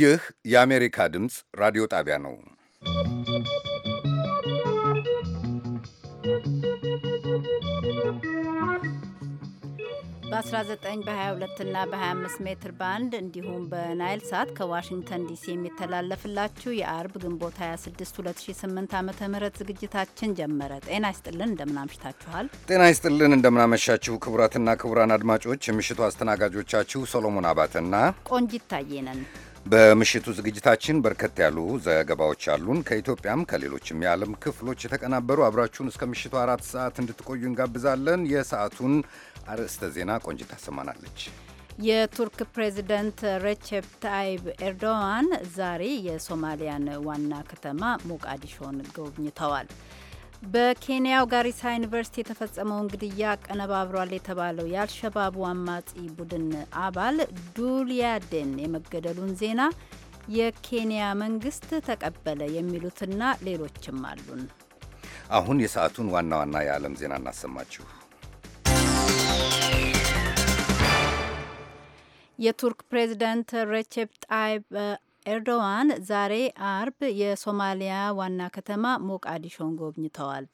ይህ የአሜሪካ ድምፅ ራዲዮ ጣቢያ ነው። በ19 በ22 እና በ25 ሜትር ባንድ እንዲሁም በናይል ሳት ከዋሽንግተን ዲሲ የሚተላለፍላችሁ የአርብ ግንቦት 26 2008 ዓ ም ዝግጅታችን ጀመረ። ጤና ይስጥልን፣ እንደምናምሽታችኋል። ጤና ይስጥልን፣ እንደምናመሻችሁ ክቡራትና ክቡራን አድማጮች፣ የምሽቱ አስተናጋጆቻችሁ ሶሎሞን አባተና ቆንጂት ታዬ በምሽቱ ዝግጅታችን በርከት ያሉ ዘገባዎች አሉን። ከኢትዮጵያም ከሌሎችም የዓለም ክፍሎች የተቀናበሩ አብራችሁን እስከ ምሽቱ አራት ሰዓት እንድትቆዩ እንጋብዛለን። የሰዓቱን አርዕስተ ዜና ቆንጅት ታሰማናለች። የቱርክ ፕሬዚደንት ሬቼፕ ታይብ ኤርዶዋን ዛሬ የሶማሊያን ዋና ከተማ ሞቃዲሾን ጎብኝተዋል። በኬንያው ጋሪሳ ዩኒቨርሲቲ የተፈጸመውን ግድያ አቀነባብሯል የተባለው የአልሸባቡ አማጺ ቡድን አባል ዱልያዴን የመገደሉን ዜና የኬንያ መንግስት ተቀበለ የሚሉትና ሌሎችም አሉን። አሁን የሰዓቱን ዋና ዋና የዓለም ዜና እናሰማችሁ። የቱርክ ፕሬዚደንት ሬቼፕ ጣይብ ኤርዶዋን ዛሬ አርብ የሶማሊያ ዋና ከተማ ሞቃዲሾን ጎብኝተዋል።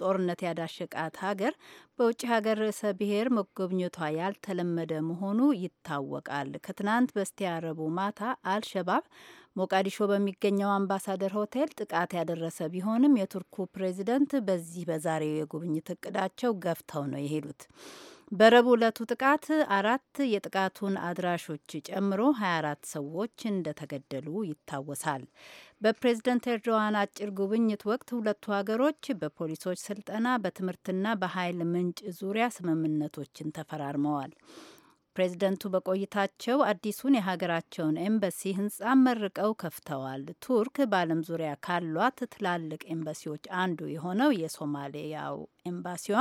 ጦርነት ያዳሸቃት ሀገር በውጭ ሀገር ርዕሰ ብሔር መጎብኘቷ ያልተለመደ መሆኑ ይታወቃል። ከትናንት በስቲያ ረቡዕ ማታ አልሸባብ ሞቃዲሾ በሚገኘው አምባሳደር ሆቴል ጥቃት ያደረሰ ቢሆንም የቱርኩ ፕሬዚደንት በዚህ በዛሬው የጉብኝት እቅዳቸው ገፍተው ነው የሄዱት። በረቡዕ ዕለቱ ጥቃት አራት የጥቃቱን አድራሾች ጨምሮ 24 ሰዎች እንደተገደሉ ይታወሳል። በፕሬዝደንት ኤርዶዋን አጭር ጉብኝት ወቅት ሁለቱ ሀገሮች በፖሊሶች ስልጠና፣ በትምህርትና በኃይል ምንጭ ዙሪያ ስምምነቶችን ተፈራርመዋል። ፕሬዝደንቱ በቆይታቸው አዲሱን የሀገራቸውን ኤምባሲ ህንጻ መርቀው ከፍተዋል። ቱርክ በዓለም ዙሪያ ካሏት ትላልቅ ኤምባሲዎች አንዱ የሆነው የሶማሊያው ኤምባሲዋ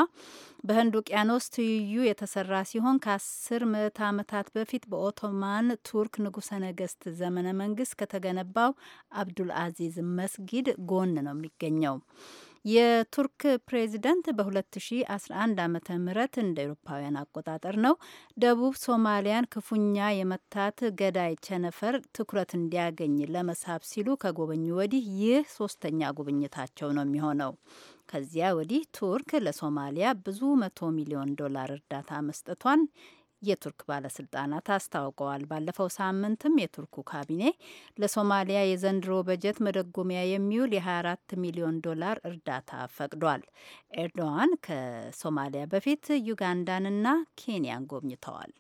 በህንድ ውቅያኖስ ትይዩ የተሰራ ሲሆን ከአስር ምዕት ዓመታት በፊት በኦቶማን ቱርክ ንጉሰ ነገስት ዘመነ መንግስት ከተገነባው አብዱል አዚዝ መስጊድ ጎን ነው የሚገኘው። የቱርክ ፕሬዚደንት በ2011 ዓ ም እንደ ኤሮፓውያን አቆጣጠር ነው ደቡብ ሶማሊያን ክፉኛ የመታት ገዳይ ቸነፈር ትኩረት እንዲያገኝ ለመሳብ ሲሉ ከጎበኙ ወዲህ ይህ ሶስተኛ ጉብኝታቸው ነው የሚሆነው። ከዚያ ወዲህ ቱርክ ለሶማሊያ ብዙ መቶ ሚሊዮን ዶላር እርዳታ መስጠቷን የቱርክ ባለስልጣናት አስታውቀዋል። ባለፈው ሳምንትም የቱርኩ ካቢኔ ለሶማሊያ የዘንድሮ በጀት መደጎሚያ የሚውል የ24 ሚሊዮን ዶላር እርዳታ ፈቅዷል። ኤርዶዋን ከሶማሊያ በፊት ዩጋንዳንና ኬንያን ጎብኝተዋል።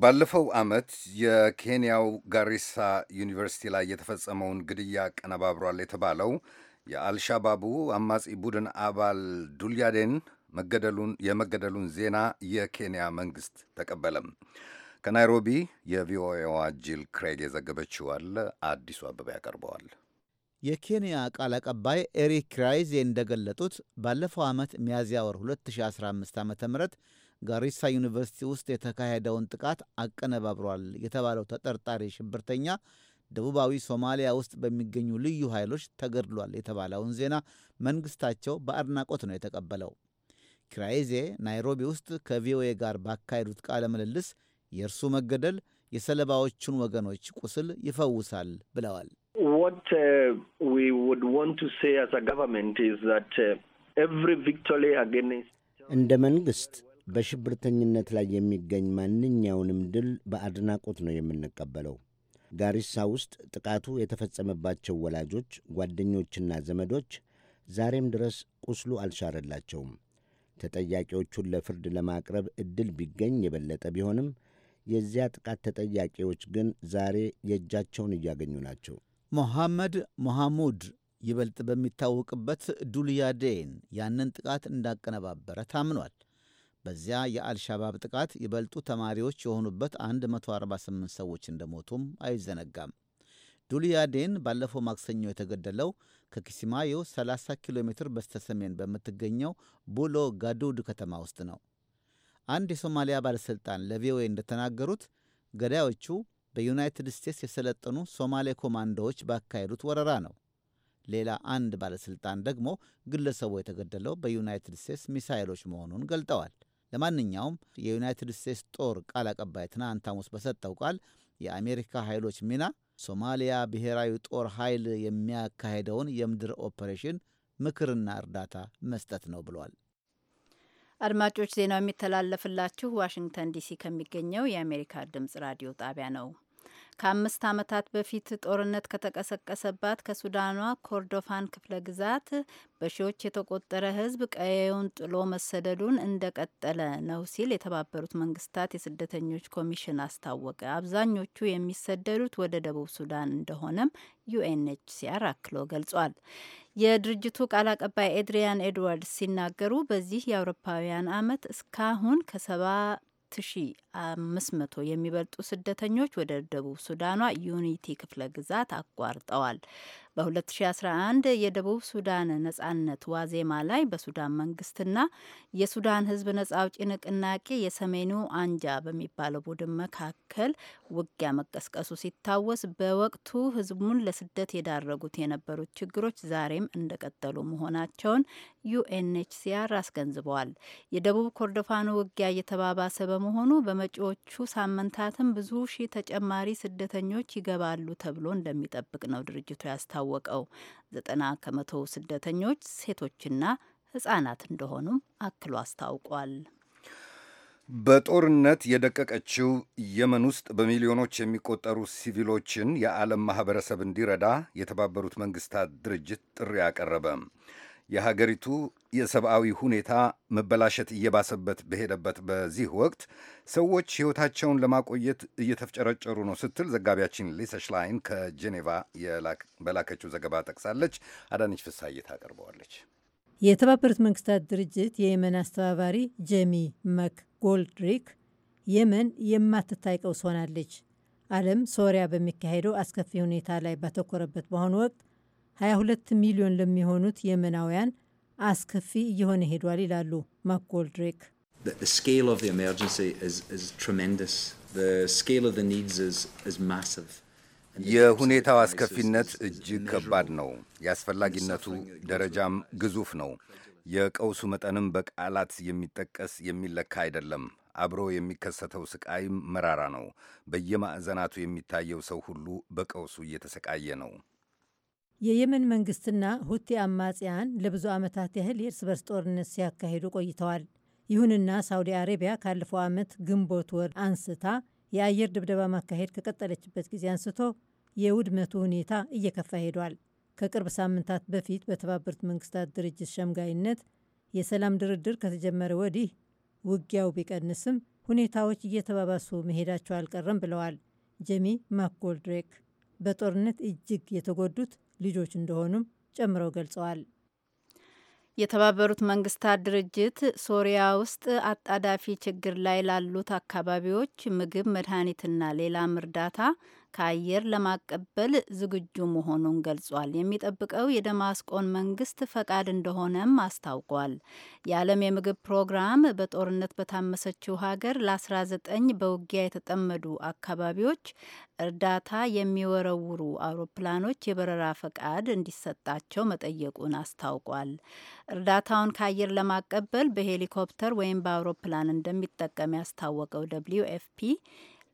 ባለፈው ዓመት የኬንያው ጋሪሳ ዩኒቨርሲቲ ላይ የተፈጸመውን ግድያ ቀነባብሯል የተባለው የአልሻባቡ አማጺ ቡድን አባል ዱልያዴን መገደሉን የመገደሉን ዜና የኬንያ መንግስት ተቀበለም። ከናይሮቢ የቪኦኤዋ ጂል ክሬግ የዘገበችው አለ አዲሱ አበባ ያቀርበዋል። የኬንያ ቃል አቀባይ ኤሪክ ክራይዜ እንደገለጡት ባለፈው ዓመት ሚያዝያ ወር 2015 ዓ ም ጋሪሳ ዩኒቨርሲቲ ውስጥ የተካሄደውን ጥቃት አቀነባብሯል የተባለው ተጠርጣሪ ሽብርተኛ ደቡባዊ ሶማሊያ ውስጥ በሚገኙ ልዩ ኃይሎች ተገድሏል የተባለውን ዜና መንግስታቸው በአድናቆት ነው የተቀበለው። ክራይዜ ናይሮቢ ውስጥ ከቪኦኤ ጋር ባካሄዱት ቃለ ምልልስ የእርሱ መገደል የሰለባዎቹን ወገኖች ቁስል ይፈውሳል ብለዋል። uh, uh, እንደ መንግሥት በሽብርተኝነት ላይ የሚገኝ ማንኛውንም ድል በአድናቆት ነው የምንቀበለው። ጋሪሳ ውስጥ ጥቃቱ የተፈጸመባቸው ወላጆች፣ ጓደኞችና ዘመዶች ዛሬም ድረስ ቁስሉ አልሻረላቸውም። ተጠያቂዎቹን ለፍርድ ለማቅረብ ዕድል ቢገኝ የበለጠ ቢሆንም የዚያ ጥቃት ተጠያቂዎች ግን ዛሬ የእጃቸውን እያገኙ ናቸው። ሞሐመድ ሞሐሙድ ይበልጥ በሚታወቅበት ዱልያዴን ያንን ጥቃት እንዳቀነባበረ ታምኗል። በዚያ የአልሻባብ ጥቃት ይበልጡ ተማሪዎች የሆኑበት 148 ሰዎች እንደሞቱም አይዘነጋም። ዱልያዴን ባለፈው ማክሰኞ የተገደለው ከኪሲማዮ 30 ኪሎ ሜትር በስተሰሜን በምትገኘው ቡሎ ጋዱድ ከተማ ውስጥ ነው። አንድ የሶማሊያ ባለሥልጣን ለቪኦኤ እንደተናገሩት ገዳዮቹ በዩናይትድ ስቴትስ የሰለጠኑ ሶማሌ ኮማንዶዎች ባካሄዱት ወረራ ነው። ሌላ አንድ ባለሥልጣን ደግሞ ግለሰቡ የተገደለው በዩናይትድ ስቴትስ ሚሳይሎች መሆኑን ገልጠዋል። ለማንኛውም የዩናይትድ ስቴትስ ጦር ቃል አቀባይ ትናንት ሐሙስ በሰጠው ቃል የአሜሪካ ኃይሎች ሚና ሶማሊያ ብሔራዊ ጦር ኃይል የሚያካሄደውን የምድር ኦፐሬሽን ምክርና እርዳታ መስጠት ነው ብሏል። አድማጮች ዜናው የሚተላለፍላችሁ ዋሽንግተን ዲሲ ከሚገኘው የአሜሪካ ድምጽ ራዲዮ ጣቢያ ነው። ከአምስት ዓመታት በፊት ጦርነት ከተቀሰቀሰባት ከሱዳኗ ኮርዶፋን ክፍለ ግዛት በሺዎች የተቆጠረ ሕዝብ ቀየውን ጥሎ መሰደዱን እንደቀጠለ ነው ሲል የተባበሩት መንግስታት የስደተኞች ኮሚሽን አስታወቀ። አብዛኞቹ የሚሰደዱት ወደ ደቡብ ሱዳን እንደሆነም ዩኤንኤችሲአር አክሎ ገልጿል። የድርጅቱ ቃል አቀባይ ኤድሪያን ኤድዋርድስ ሲናገሩ በዚህ የአውሮፓውያን አመት እስካሁን ከሰባ ሺህ አምስት መቶ የሚበልጡ ስደተኞች ወደ ደቡብ ሱዳኗ ዩኒቲ ክፍለ ግዛት አቋርጠዋል። በ2011 የደቡብ ሱዳን ነጻነት ዋዜማ ላይ በሱዳን መንግስትና የሱዳን ህዝብ ነጻ አውጪ ንቅናቄ የሰሜኑ አንጃ በሚባለው ቡድን መካከል ውጊያ መቀስቀሱ ሲታወስ በወቅቱ ህዝቡን ለስደት የዳረጉት የነበሩት ችግሮች ዛሬም እንደቀጠሉ መሆናቸውን ዩኤንኤችሲአር አስገንዝበዋል። የደቡብ ኮርዶፋኑ ውጊያ እየተባባሰ በመሆኑ በመ በመጪዎቹ ሳምንታትም ብዙ ሺህ ተጨማሪ ስደተኞች ይገባሉ ተብሎ እንደሚጠብቅ ነው ድርጅቱ ያስታወቀው። ዘጠና ከመቶ ስደተኞች ሴቶችና ህጻናት እንደሆኑም አክሎ አስታውቋል። በጦርነት የደቀቀችው የመን ውስጥ በሚሊዮኖች የሚቆጠሩ ሲቪሎችን የዓለም ማኅበረሰብ እንዲረዳ የተባበሩት መንግሥታት ድርጅት ጥሪ አቀረበ። የሀገሪቱ የሰብአዊ ሁኔታ መበላሸት እየባሰበት በሄደበት በዚህ ወቅት ሰዎች ሕይወታቸውን ለማቆየት እየተፍጨረጨሩ ነው ስትል ዘጋቢያችን ሊሳ ሽላይን ከጄኔቫ በላከችው ዘገባ ጠቅሳለች። አዳነች ፍሳዬ ታቀርበዋለች። የተባበሩት መንግስታት ድርጅት የየመን አስተባባሪ ጄሚ መክ ጎልድሪክ የመን የማትታይ ቀውስ ሆናለች፣ ዓለም ሶሪያ በሚካሄደው አስከፊ ሁኔታ ላይ ባተኮረበት በአሁኑ ወቅት 22 ሚሊዮን ለሚሆኑት የመናውያን አስከፊ እየሆነ ሄዷል ይላሉ ማክጎልድሬክ። የሁኔታው አስከፊነት እጅግ ከባድ ነው። የአስፈላጊነቱ ደረጃም ግዙፍ ነው። የቀውሱ መጠንም በቃላት የሚጠቀስ የሚለካ አይደለም። አብሮ የሚከሰተው ስቃይም መራራ ነው። በየማዕዘናቱ የሚታየው ሰው ሁሉ በቀውሱ እየተሰቃየ ነው። የየመን መንግስትና ሁቲ አማጽያን ለብዙ ዓመታት ያህል የእርስ በርስ ጦርነት ሲያካሂዱ ቆይተዋል። ይሁንና ሳውዲ አረቢያ ካለፈው ዓመት ግንቦት ወር አንስታ የአየር ድብደባ ማካሄድ ከቀጠለችበት ጊዜ አንስቶ የውድመቱ ሁኔታ እየከፋ ሄዷል። ከቅርብ ሳምንታት በፊት በተባበሩት መንግስታት ድርጅት ሸምጋይነት የሰላም ድርድር ከተጀመረ ወዲህ ውጊያው ቢቀንስም ሁኔታዎች እየተባባሱ መሄዳቸው አልቀረም ብለዋል ጀሚ ማክጎልድሬክ። በጦርነት እጅግ የተጎዱት ልጆች እንደሆኑም ጨምረው ገልጸዋል። የተባበሩት መንግስታት ድርጅት ሶሪያ ውስጥ አጣዳፊ ችግር ላይ ላሉት አካባቢዎች ምግብ፣ መድኃኒትና ሌላም እርዳታ ከአየር ለማቀበል ዝግጁ መሆኑን ገልጿል። የሚጠብቀው የደማስቆን መንግስት ፈቃድ እንደሆነም አስታውቋል። የዓለም የምግብ ፕሮግራም በጦርነት በታመሰችው ሀገር ለ19 በውጊያ የተጠመዱ አካባቢዎች እርዳታ የሚወረውሩ አውሮፕላኖች የበረራ ፈቃድ እንዲሰጣቸው መጠየቁን አስታውቋል። እርዳታውን ከአየር ለማቀበል በሄሊኮፕተር ወይም በአውሮፕላን እንደሚጠቀም ያስታወቀው ደብሊዩ ኤፍፒ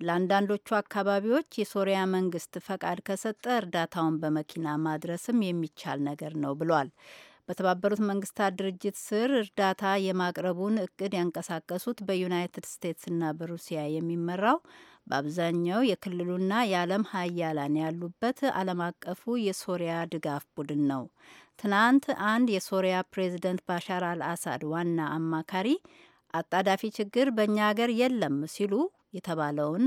ለአንዳንዶቹ አካባቢዎች የሶሪያ መንግስት ፈቃድ ከሰጠ እርዳታውን በመኪና ማድረስም የሚቻል ነገር ነው ብሏል። በተባበሩት መንግስታት ድርጅት ስር እርዳታ የማቅረቡን እቅድ ያንቀሳቀሱት በዩናይትድ ስቴትስና በሩሲያ የሚመራው በአብዛኛው የክልሉና የዓለም ሀያላን ያሉበት ዓለም አቀፉ የሶሪያ ድጋፍ ቡድን ነው። ትናንት አንድ የሶሪያ ፕሬዚደንት ባሻር አልአሳድ ዋና አማካሪ አጣዳፊ ችግር በእኛ ሀገር የለም ሲሉ የተባለውን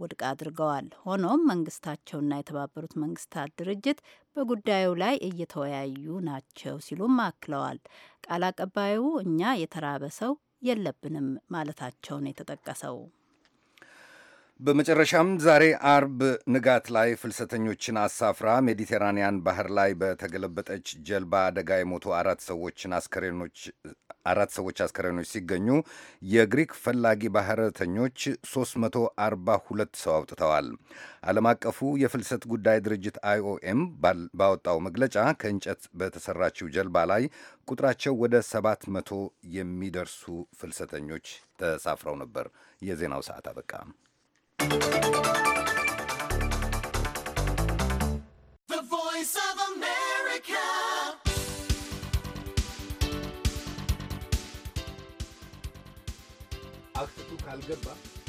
ውድቅ አድርገዋል። ሆኖም መንግስታቸውና የተባበሩት መንግስታት ድርጅት በጉዳዩ ላይ እየተወያዩ ናቸው ሲሉም አክለዋል። ቃል አቀባዩ እኛ የተራበ ሰው የለብንም ማለታቸውን የተጠቀሰው በመጨረሻም ዛሬ አርብ ንጋት ላይ ፍልሰተኞችን አሳፍራ ሜዲቴራንያን ባህር ላይ በተገለበጠች ጀልባ አደጋ የሞቱ አራት ሰዎችን አስከሬኖች አራት ሰዎች አስከሬኖች ሲገኙ የግሪክ ፈላጊ ባህረተኞች 342 ሰው አውጥተዋል። ዓለም አቀፉ የፍልሰት ጉዳይ ድርጅት አይኦኤም ባወጣው መግለጫ ከእንጨት በተሰራችው ጀልባ ላይ ቁጥራቸው ወደ 700 የሚደርሱ ፍልሰተኞች ተሳፍረው ነበር። የዜናው ሰዓት አበቃ። que kalgır bak.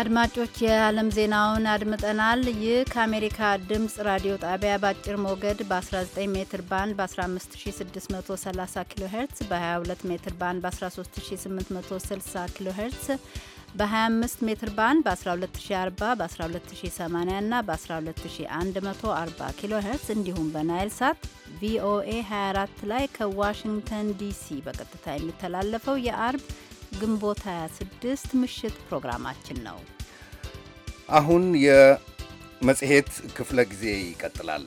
አድማጮች የዓለም ዜናውን አድምጠናል። ይህ ከአሜሪካ ድምፅ ራዲዮ ጣቢያ በአጭር ሞገድ በ19 ሜትር ባንድ በ15630 ኪሎ ሄርትስ በ22 ሜትር ባንድ በ13860 ኪሎ ሄርትስ በ25 ሜትር ባንድ በ12040 በ12080 እና በ12140 ኪሎ ሄርትስ እንዲሁም በናይል ሳት ቪኦኤ 24 ላይ ከዋሽንግተን ዲሲ በቀጥታ የሚተላለፈው የአርብ ግንቦት 26 ምሽት ፕሮግራማችን ነው። አሁን የመጽሔት ክፍለ ጊዜ ይቀጥላል።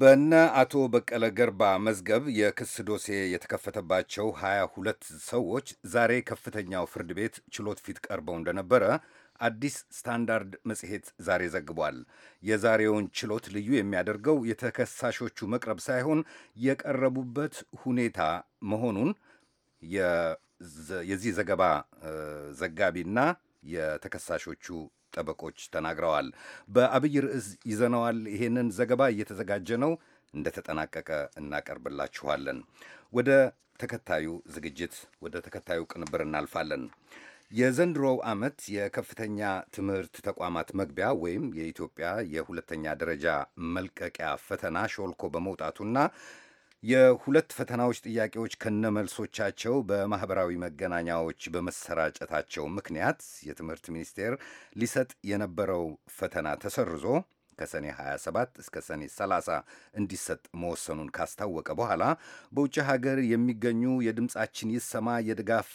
በነ አቶ በቀለ ገርባ መዝገብ የክስ ዶሴ የተከፈተባቸው 22 ሰዎች ዛሬ ከፍተኛው ፍርድ ቤት ችሎት ፊት ቀርበው እንደነበረ አዲስ ስታንዳርድ መጽሔት ዛሬ ዘግቧል። የዛሬውን ችሎት ልዩ የሚያደርገው የተከሳሾቹ መቅረብ ሳይሆን የቀረቡበት ሁኔታ መሆኑን የዚህ ዘገባ ዘጋቢና የተከሳሾቹ ጠበቆች ተናግረዋል። በአብይ ርዕስ ይዘነዋል። ይሄንን ዘገባ እየተዘጋጀ ነው፣ እንደተጠናቀቀ እናቀርብላችኋለን። ወደ ተከታዩ ዝግጅት ወደ ተከታዩ ቅንብር እናልፋለን። የዘንድሮው ዓመት የከፍተኛ ትምህርት ተቋማት መግቢያ ወይም የኢትዮጵያ የሁለተኛ ደረጃ መልቀቂያ ፈተና ሾልኮ በመውጣቱና የሁለት ፈተናዎች ጥያቄዎች ከነመልሶቻቸው በማህበራዊ መገናኛዎች በመሰራጨታቸው ምክንያት የትምህርት ሚኒስቴር ሊሰጥ የነበረው ፈተና ተሰርዞ ከሰኔ 27 እስከ ሰኔ 30 እንዲሰጥ መወሰኑን ካስታወቀ በኋላ በውጭ ሀገር የሚገኙ የድምፃችን ይሰማ የድጋፍ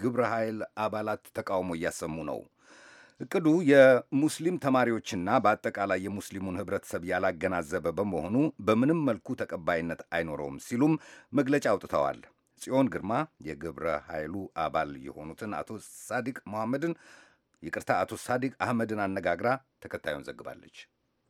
ግብረ ኃይል አባላት ተቃውሞ እያሰሙ ነው። እቅዱ የሙስሊም ተማሪዎችና በአጠቃላይ የሙስሊሙን ህብረተሰብ ያላገናዘበ በመሆኑ በምንም መልኩ ተቀባይነት አይኖረውም ሲሉም መግለጫ አውጥተዋል። ጽዮን ግርማ የግብረ ኃይሉ አባል የሆኑትን አቶ ሳዲቅ መሐመድን ይቅርታ፣ አቶ ሳዲቅ አህመድን አነጋግራ ተከታዩን ዘግባለች።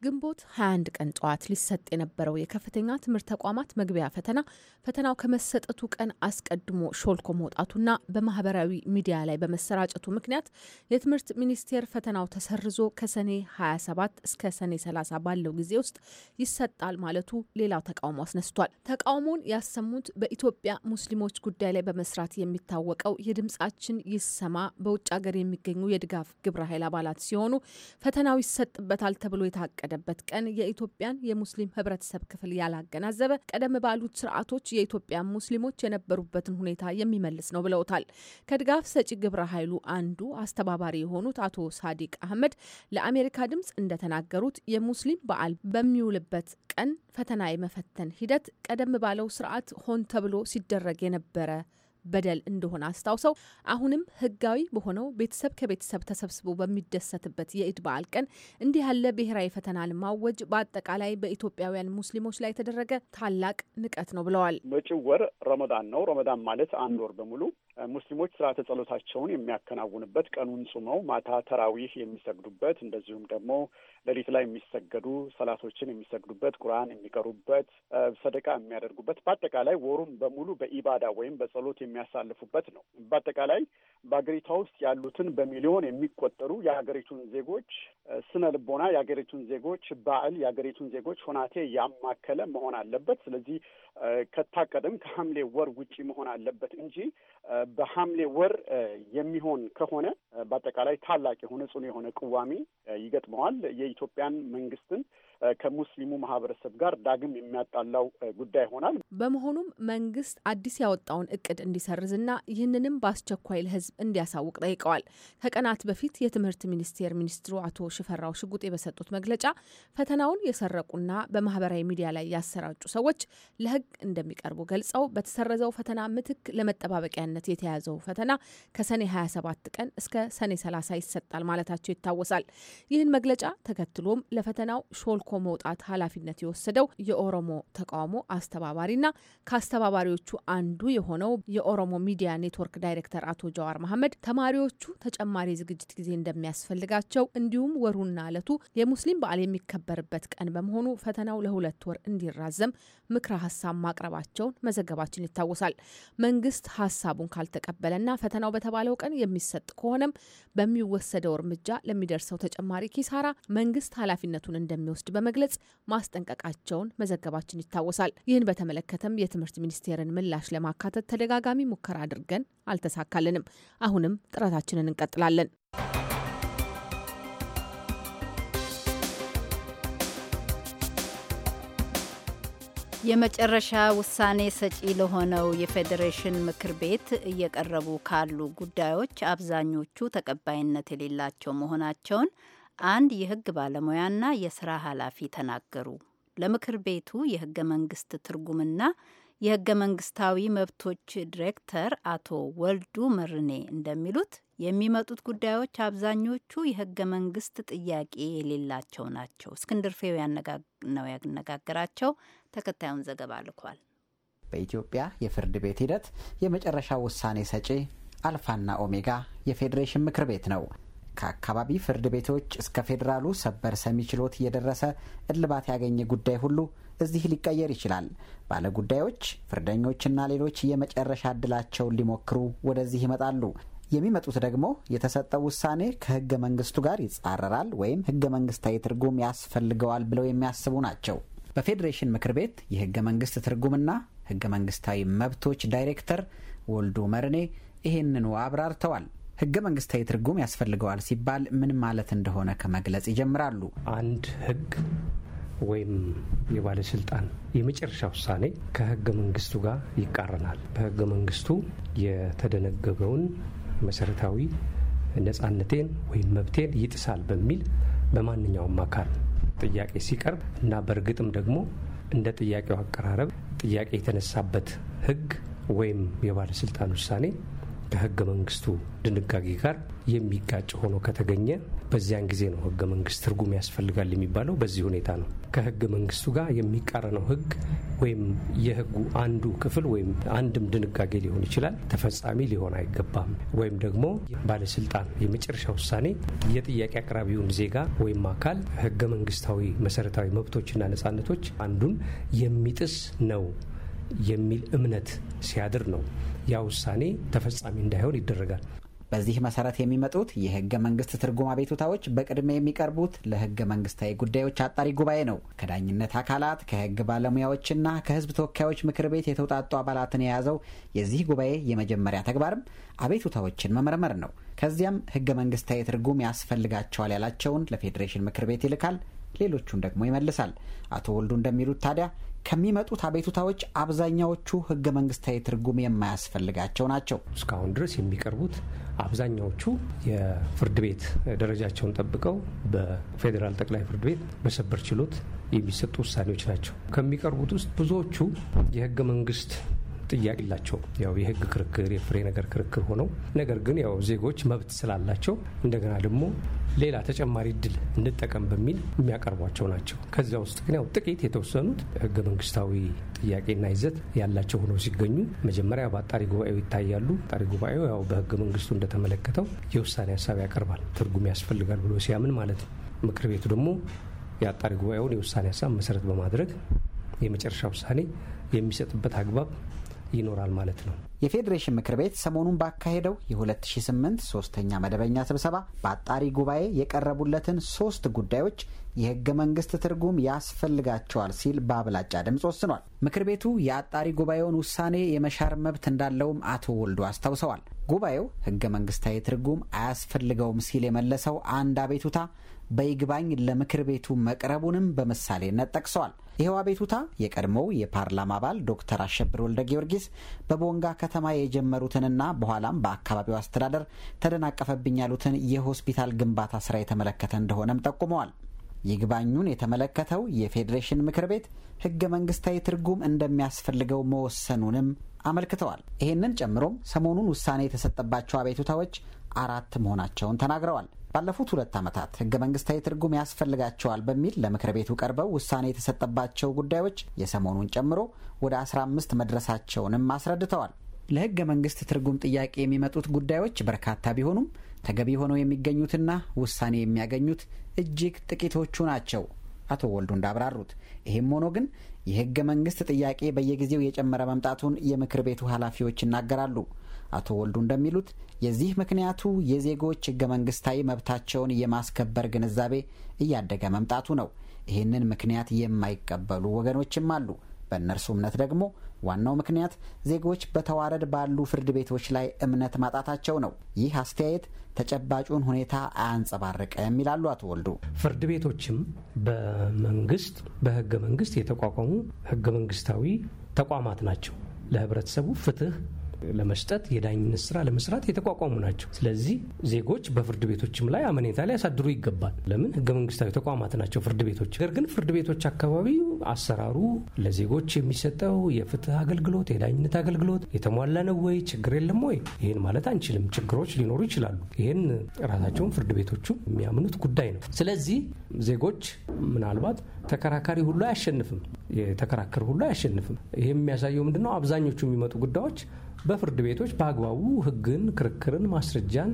ግንቦት 21 ቀን ጠዋት ሊሰጥ የነበረው የከፍተኛ ትምህርት ተቋማት መግቢያ ፈተና ፈተናው ከመሰጠቱ ቀን አስቀድሞ ሾልኮ መውጣቱና በማህበራዊ ሚዲያ ላይ በመሰራጨቱ ምክንያት የትምህርት ሚኒስቴር ፈተናው ተሰርዞ ከሰኔ 27 እስከ ሰኔ 30 ባለው ጊዜ ውስጥ ይሰጣል ማለቱ ሌላው ተቃውሞ አስነስቷል። ተቃውሞውን ያሰሙት በኢትዮጵያ ሙስሊሞች ጉዳይ ላይ በመስራት የሚታወቀው የድምጻችን ይሰማ በውጭ ሀገር የሚገኙ የድጋፍ ግብረ ኃይል አባላት ሲሆኑ ፈተናው ይሰጥበታል ተብሎ የታቀደ በተፈረደበት ቀን የኢትዮጵያን የሙስሊም ህብረተሰብ ክፍል ያላገናዘበ ቀደም ባሉት ስርዓቶች የኢትዮጵያ ሙስሊሞች የነበሩበትን ሁኔታ የሚመልስ ነው ብለውታል። ከድጋፍ ሰጪ ግብረ ኃይሉ አንዱ አስተባባሪ የሆኑት አቶ ሳዲቅ አህመድ ለአሜሪካ ድምጽ እንደተናገሩት የሙስሊም በዓል በሚውልበት ቀን ፈተና የመፈተን ሂደት ቀደም ባለው ስርዓት ሆን ተብሎ ሲደረግ የነበረ በደል እንደሆነ አስታውሰው አሁንም ህጋዊ በሆነው ቤተሰብ ከቤተሰብ ተሰብስቦ በሚደሰትበት የኢድ በዓል ቀን እንዲህ ያለ ብሔራዊ ፈተና ለማወጅ በአጠቃላይ በኢትዮጵያውያን ሙስሊሞች ላይ የተደረገ ታላቅ ንቀት ነው ብለዋል። መጪው ወር ረመዳን ነው። ረመዳን ማለት አንድ ወር በሙሉ ሙስሊሞች ስርዓተ ጸሎታቸውን የሚያከናውኑበት ቀኑን ጾመው ማታ ተራዊህ የሚሰግዱበት እንደዚሁም ደግሞ ሌሊት ላይ የሚሰገዱ ሰላቶችን የሚሰግዱበት ቁርአን የሚቀሩበት ሰደቃ የሚያደርጉበት በአጠቃላይ ወሩን በሙሉ በኢባዳ ወይም በጸሎት የሚያሳልፉበት ነው። በአጠቃላይ በአገሪቷ ውስጥ ያሉትን በሚሊዮን የሚቆጠሩ የሀገሪቱን ዜጎች ስነ ልቦና የሀገሪቱን ዜጎች ባዕል፣ የሀገሪቱን ዜጎች ሆናቴ ያማከለ መሆን አለበት። ስለዚህ ከታቀደም ከሐምሌ ወር ውጪ መሆን አለበት እንጂ በሐምሌ ወር የሚሆን ከሆነ በአጠቃላይ ታላቅ የሆነ ጽኑ የሆነ ቅዋሜ ይገጥመዋል። የኢትዮጵያን መንግስትን ከሙስሊሙ ማህበረሰብ ጋር ዳግም የሚያጣላው ጉዳይ ይሆናል። በመሆኑም መንግስት አዲስ ያወጣውን እቅድ እንዲሰርዝና ይህንንም በአስቸኳይ ለህዝብ እንዲያሳውቅ ጠይቀዋል። ከቀናት በፊት የትምህርት ሚኒስቴር ሚኒስትሩ አቶ ሽፈራው ሽጉጤ በሰጡት መግለጫ ፈተናውን የሰረቁና በማህበራዊ ሚዲያ ላይ ያሰራጩ ሰዎች ለህግ እንደሚቀርቡ ገልጸው በተሰረዘው ፈተና ምትክ ለመጠባበቂያነት የተያዘው ፈተና ከሰኔ 27 ቀን እስከ ሰኔ 30 ይሰጣል ማለታቸው ይታወሳል። ይህን መግለጫ ተከትሎም ለፈተናው ሾልኮ ተልዕኮ መውጣት ኃላፊነት የወሰደው የኦሮሞ ተቃውሞ አስተባባሪና ከአስተባባሪዎቹ አንዱ የሆነው የኦሮሞ ሚዲያ ኔትወርክ ዳይሬክተር አቶ ጀዋር መሐመድ ተማሪዎቹ ተጨማሪ ዝግጅት ጊዜ እንደሚያስፈልጋቸው እንዲሁም ወሩና እለቱ የሙስሊም በዓል የሚከበርበት ቀን በመሆኑ ፈተናው ለሁለት ወር እንዲራዘም ምክረ ሀሳብ ማቅረባቸውን መዘገባችን ይታወሳል። መንግስት ሀሳቡን ካልተቀበለና ፈተናው በተባለው ቀን የሚሰጥ ከሆነም በሚወሰደው እርምጃ ለሚደርሰው ተጨማሪ ኪሳራ መንግስት ኃላፊነቱን እንደሚወስድ በመግለጽ ማስጠንቀቃቸውን መዘገባችን ይታወሳል። ይህን በተመለከተም የትምህርት ሚኒስቴርን ምላሽ ለማካተት ተደጋጋሚ ሙከራ አድርገን አልተሳካልንም። አሁንም ጥረታችንን እንቀጥላለን። የመጨረሻ ውሳኔ ሰጪ ለሆነው የፌዴሬሽን ምክር ቤት እየቀረቡ ካሉ ጉዳዮች አብዛኞቹ ተቀባይነት የሌላቸው መሆናቸውን አንድ የህግ ባለሙያና የስራ ኃላፊ ተናገሩ። ለምክር ቤቱ የህገ መንግስት ትርጉምና የህገ መንግስታዊ መብቶች ዲሬክተር አቶ ወልዱ መርኔ እንደሚሉት የሚመጡት ጉዳዮች አብዛኞቹ የህገ መንግስት ጥያቄ የሌላቸው ናቸው። እስክንድር ነው ያነጋገራቸው፣ ተከታዩን ዘገባ ልኳል። በኢትዮጵያ የፍርድ ቤት ሂደት የመጨረሻ ውሳኔ ሰጪ አልፋና ኦሜጋ የፌዴሬሽን ምክር ቤት ነው። ከአካባቢ ፍርድ ቤቶች እስከ ፌዴራሉ ሰበር ሰሚ ችሎት እየደረሰ እልባት ያገኘ ጉዳይ ሁሉ እዚህ ሊቀየር ይችላል። ባለጉዳዮች፣ ፍርደኞችና ሌሎች የመጨረሻ እድላቸውን ሊሞክሩ ወደዚህ ይመጣሉ። የሚመጡት ደግሞ የተሰጠው ውሳኔ ከህገ መንግስቱ ጋር ይጻረራል ወይም ህገ መንግስታዊ ትርጉም ያስፈልገዋል ብለው የሚያስቡ ናቸው። በፌዴሬሽን ምክር ቤት የህገ መንግስት ትርጉምና ህገ መንግስታዊ መብቶች ዳይሬክተር ወልዱ መርኔ ይህንኑ አብራርተዋል። ህገ መንግስታዊ ትርጉም ያስፈልገዋል ሲባል ምን ማለት እንደሆነ ከመግለጽ ይጀምራሉ። አንድ ህግ ወይም የባለስልጣን የመጨረሻ ውሳኔ ከህገ መንግስቱ ጋር ይቃረናል። በህገ መንግስቱ የተደነገገውን መሰረታዊ ነጻነቴን ወይም መብቴን ይጥሳል በሚል በማንኛውም አካል ጥያቄ ሲቀርብ እና በእርግጥም ደግሞ እንደ ጥያቄው አቀራረብ ጥያቄ የተነሳበት ህግ ወይም የባለስልጣን ውሳኔ ከህገ መንግስቱ ድንጋጌ ጋር የሚጋጭ ሆኖ ከተገኘ በዚያን ጊዜ ነው ህገ መንግስት ትርጉም ያስፈልጋል የሚባለው። በዚህ ሁኔታ ነው ከህገ መንግስቱ ጋር የሚቃረነው ህግ ወይም የህጉ አንዱ ክፍል ወይም አንድም ድንጋጌ ሊሆን ይችላል ተፈጻሚ ሊሆን አይገባም። ወይም ደግሞ ባለስልጣን የመጨረሻ ውሳኔ የጥያቄ አቅራቢውን ዜጋ ወይም አካል ህገ መንግስታዊ መሰረታዊ መብቶችና ነጻነቶች አንዱን የሚጥስ ነው የሚል እምነት ሲያድር ነው ያ ውሳኔ ተፈጻሚ እንዳይሆን ይደረጋል። በዚህ መሰረት የሚመጡት የህገ መንግስት ትርጉም አቤቱታዎች በቅድሚያ የሚቀርቡት ለህገ መንግስታዊ ጉዳዮች አጣሪ ጉባኤ ነው። ከዳኝነት አካላት ከህግ ባለሙያዎችና ከህዝብ ተወካዮች ምክር ቤት የተውጣጡ አባላትን የያዘው የዚህ ጉባኤ የመጀመሪያ ተግባርም አቤቱታዎችን መመርመር ነው። ከዚያም ህገ መንግስታዊ ትርጉም ያስፈልጋቸዋል ያላቸውን ለፌዴሬሽን ምክር ቤት ይልካል። ሌሎቹን ደግሞ ይመልሳል። አቶ ወልዱ እንደሚሉት ታዲያ ከሚመጡት አቤቱታዎች አብዛኛዎቹ ህገ መንግስታዊ ትርጉም የማያስፈልጋቸው ናቸው። እስካሁን ድረስ የሚቀርቡት አብዛኛዎቹ የፍርድ ቤት ደረጃቸውን ጠብቀው በፌዴራል ጠቅላይ ፍርድ ቤት በሰበር ችሎት የሚሰጡ ውሳኔዎች ናቸው። ከሚቀርቡት ውስጥ ብዙዎቹ የህገ መንግስት ጥያቄ ላቸው ያው የህግ ክርክር የፍሬ ነገር ክርክር ሆነው ነገር ግን ያው ዜጎች መብት ስላላቸው እንደገና ደግሞ ሌላ ተጨማሪ እድል እንጠቀም በሚል የሚያቀርቧቸው ናቸው። ከዚያ ውስጥ ግን ያው ጥቂት የተወሰኑት ህገ መንግስታዊ ጥያቄና ይዘት ያላቸው ሆነው ሲገኙ መጀመሪያ በአጣሪ ጉባኤው ይታያሉ። አጣሪ ጉባኤው ያው በህገ መንግስቱ እንደተመለከተው የውሳኔ ሀሳብ ያቀርባል ትርጉም ያስፈልጋል ብሎ ሲያምን ማለት ነው። ምክር ቤቱ ደግሞ የአጣሪ ጉባኤውን የውሳኔ ሀሳብ መሰረት በማድረግ የመጨረሻ ውሳኔ የሚሰጥበት አግባብ ይኖራል ማለት ነው። የፌዴሬሽን ምክር ቤት ሰሞኑን ባካሄደው የ2008 ሶስተኛ መደበኛ ስብሰባ በአጣሪ ጉባኤ የቀረቡለትን ሶስት ጉዳዮች የህገ መንግስት ትርጉም ያስፈልጋቸዋል ሲል በአብላጫ ድምፅ ወስኗል። ምክር ቤቱ የአጣሪ ጉባኤውን ውሳኔ የመሻር መብት እንዳለውም አቶ ወልዶ አስታውሰዋል። ጉባኤው ህገ መንግስታዊ ትርጉም አያስፈልገውም ሲል የመለሰው አንድ አቤቱታ በይግባኝ ለምክር ቤቱ መቅረቡንም በምሳሌነት ጠቅሰዋል። ይኸው አቤቱታ የቀድሞው የፓርላማ አባል ዶክተር አሸብር ወልደ ጊዮርጊስ በቦንጋ ከተማ የጀመሩትንና በኋላም በአካባቢው አስተዳደር ተደናቀፈብኝ ያሉትን የሆስፒታል ግንባታ ስራ የተመለከተ እንደሆነም ጠቁመዋል። ይግባኙን የተመለከተው የፌዴሬሽን ምክር ቤት ህገ መንግስታዊ ትርጉም እንደሚያስፈልገው መወሰኑንም አመልክተዋል። ይህንን ጨምሮም ሰሞኑን ውሳኔ የተሰጠባቸው አቤቱታዎች አራት መሆናቸውን ተናግረዋል። ባለፉት ሁለት ዓመታት ህገ መንግስታዊ ትርጉም ያስፈልጋቸዋል በሚል ለምክር ቤቱ ቀርበው ውሳኔ የተሰጠባቸው ጉዳዮች የሰሞኑን ጨምሮ ወደ 15 መድረሳቸውንም አስረድተዋል። ለህገ መንግስት ትርጉም ጥያቄ የሚመጡት ጉዳዮች በርካታ ቢሆኑም ተገቢ ሆነው የሚገኙትና ውሳኔ የሚያገኙት እጅግ ጥቂቶቹ ናቸው። አቶ ወልዱ እንዳብራሩት ይህም ሆኖ ግን የህገ መንግስት ጥያቄ በየጊዜው የጨመረ መምጣቱን የምክር ቤቱ ኃላፊዎች ይናገራሉ። አቶ ወልዱ እንደሚሉት የዚህ ምክንያቱ የዜጎች ህገ መንግስታዊ መብታቸውን የማስከበር ግንዛቤ እያደገ መምጣቱ ነው። ይህንን ምክንያት የማይቀበሉ ወገኖችም አሉ። በእነርሱ እምነት ደግሞ ዋናው ምክንያት ዜጎች በተዋረድ ባሉ ፍርድ ቤቶች ላይ እምነት ማጣታቸው ነው። ይህ አስተያየት ተጨባጩን ሁኔታ አያንጸባርቅም ይላሉ አቶ ወልዱ። ፍርድ ቤቶችም በመንግስት በህገ መንግስት የተቋቋሙ ህገ መንግስታዊ ተቋማት ናቸው። ለህብረተሰቡ ፍትህ ለመስጠት የዳኝነት ስራ ለመስራት የተቋቋሙ ናቸው። ስለዚህ ዜጎች በፍርድ ቤቶችም ላይ አመኔታ ላይ ያሳድሩ ይገባል። ለምን ህገ መንግስታዊ ተቋማት ናቸው ፍርድ ቤቶች። ነገር ግን ፍርድ ቤቶች አካባቢ አሰራሩ ለዜጎች የሚሰጠው የፍትህ አገልግሎት፣ የዳኝነት አገልግሎት የተሟላ ነው ወይ፣ ችግር የለም ወይ? ይህን ማለት አንችልም። ችግሮች ሊኖሩ ይችላሉ። ይህን ራሳቸውን ፍርድ ቤቶቹ የሚያምኑት ጉዳይ ነው። ስለዚህ ዜጎች ምናልባት ተከራካሪ ሁሉ አያሸንፍም፣ የተከራከር ሁሉ አያሸንፍም። ይህ የሚያሳየው ምንድነው? አብዛኞቹ የሚመጡ ጉዳዮች በፍርድ ቤቶች በአግባቡ ህግን ክርክርን፣ ማስረጃን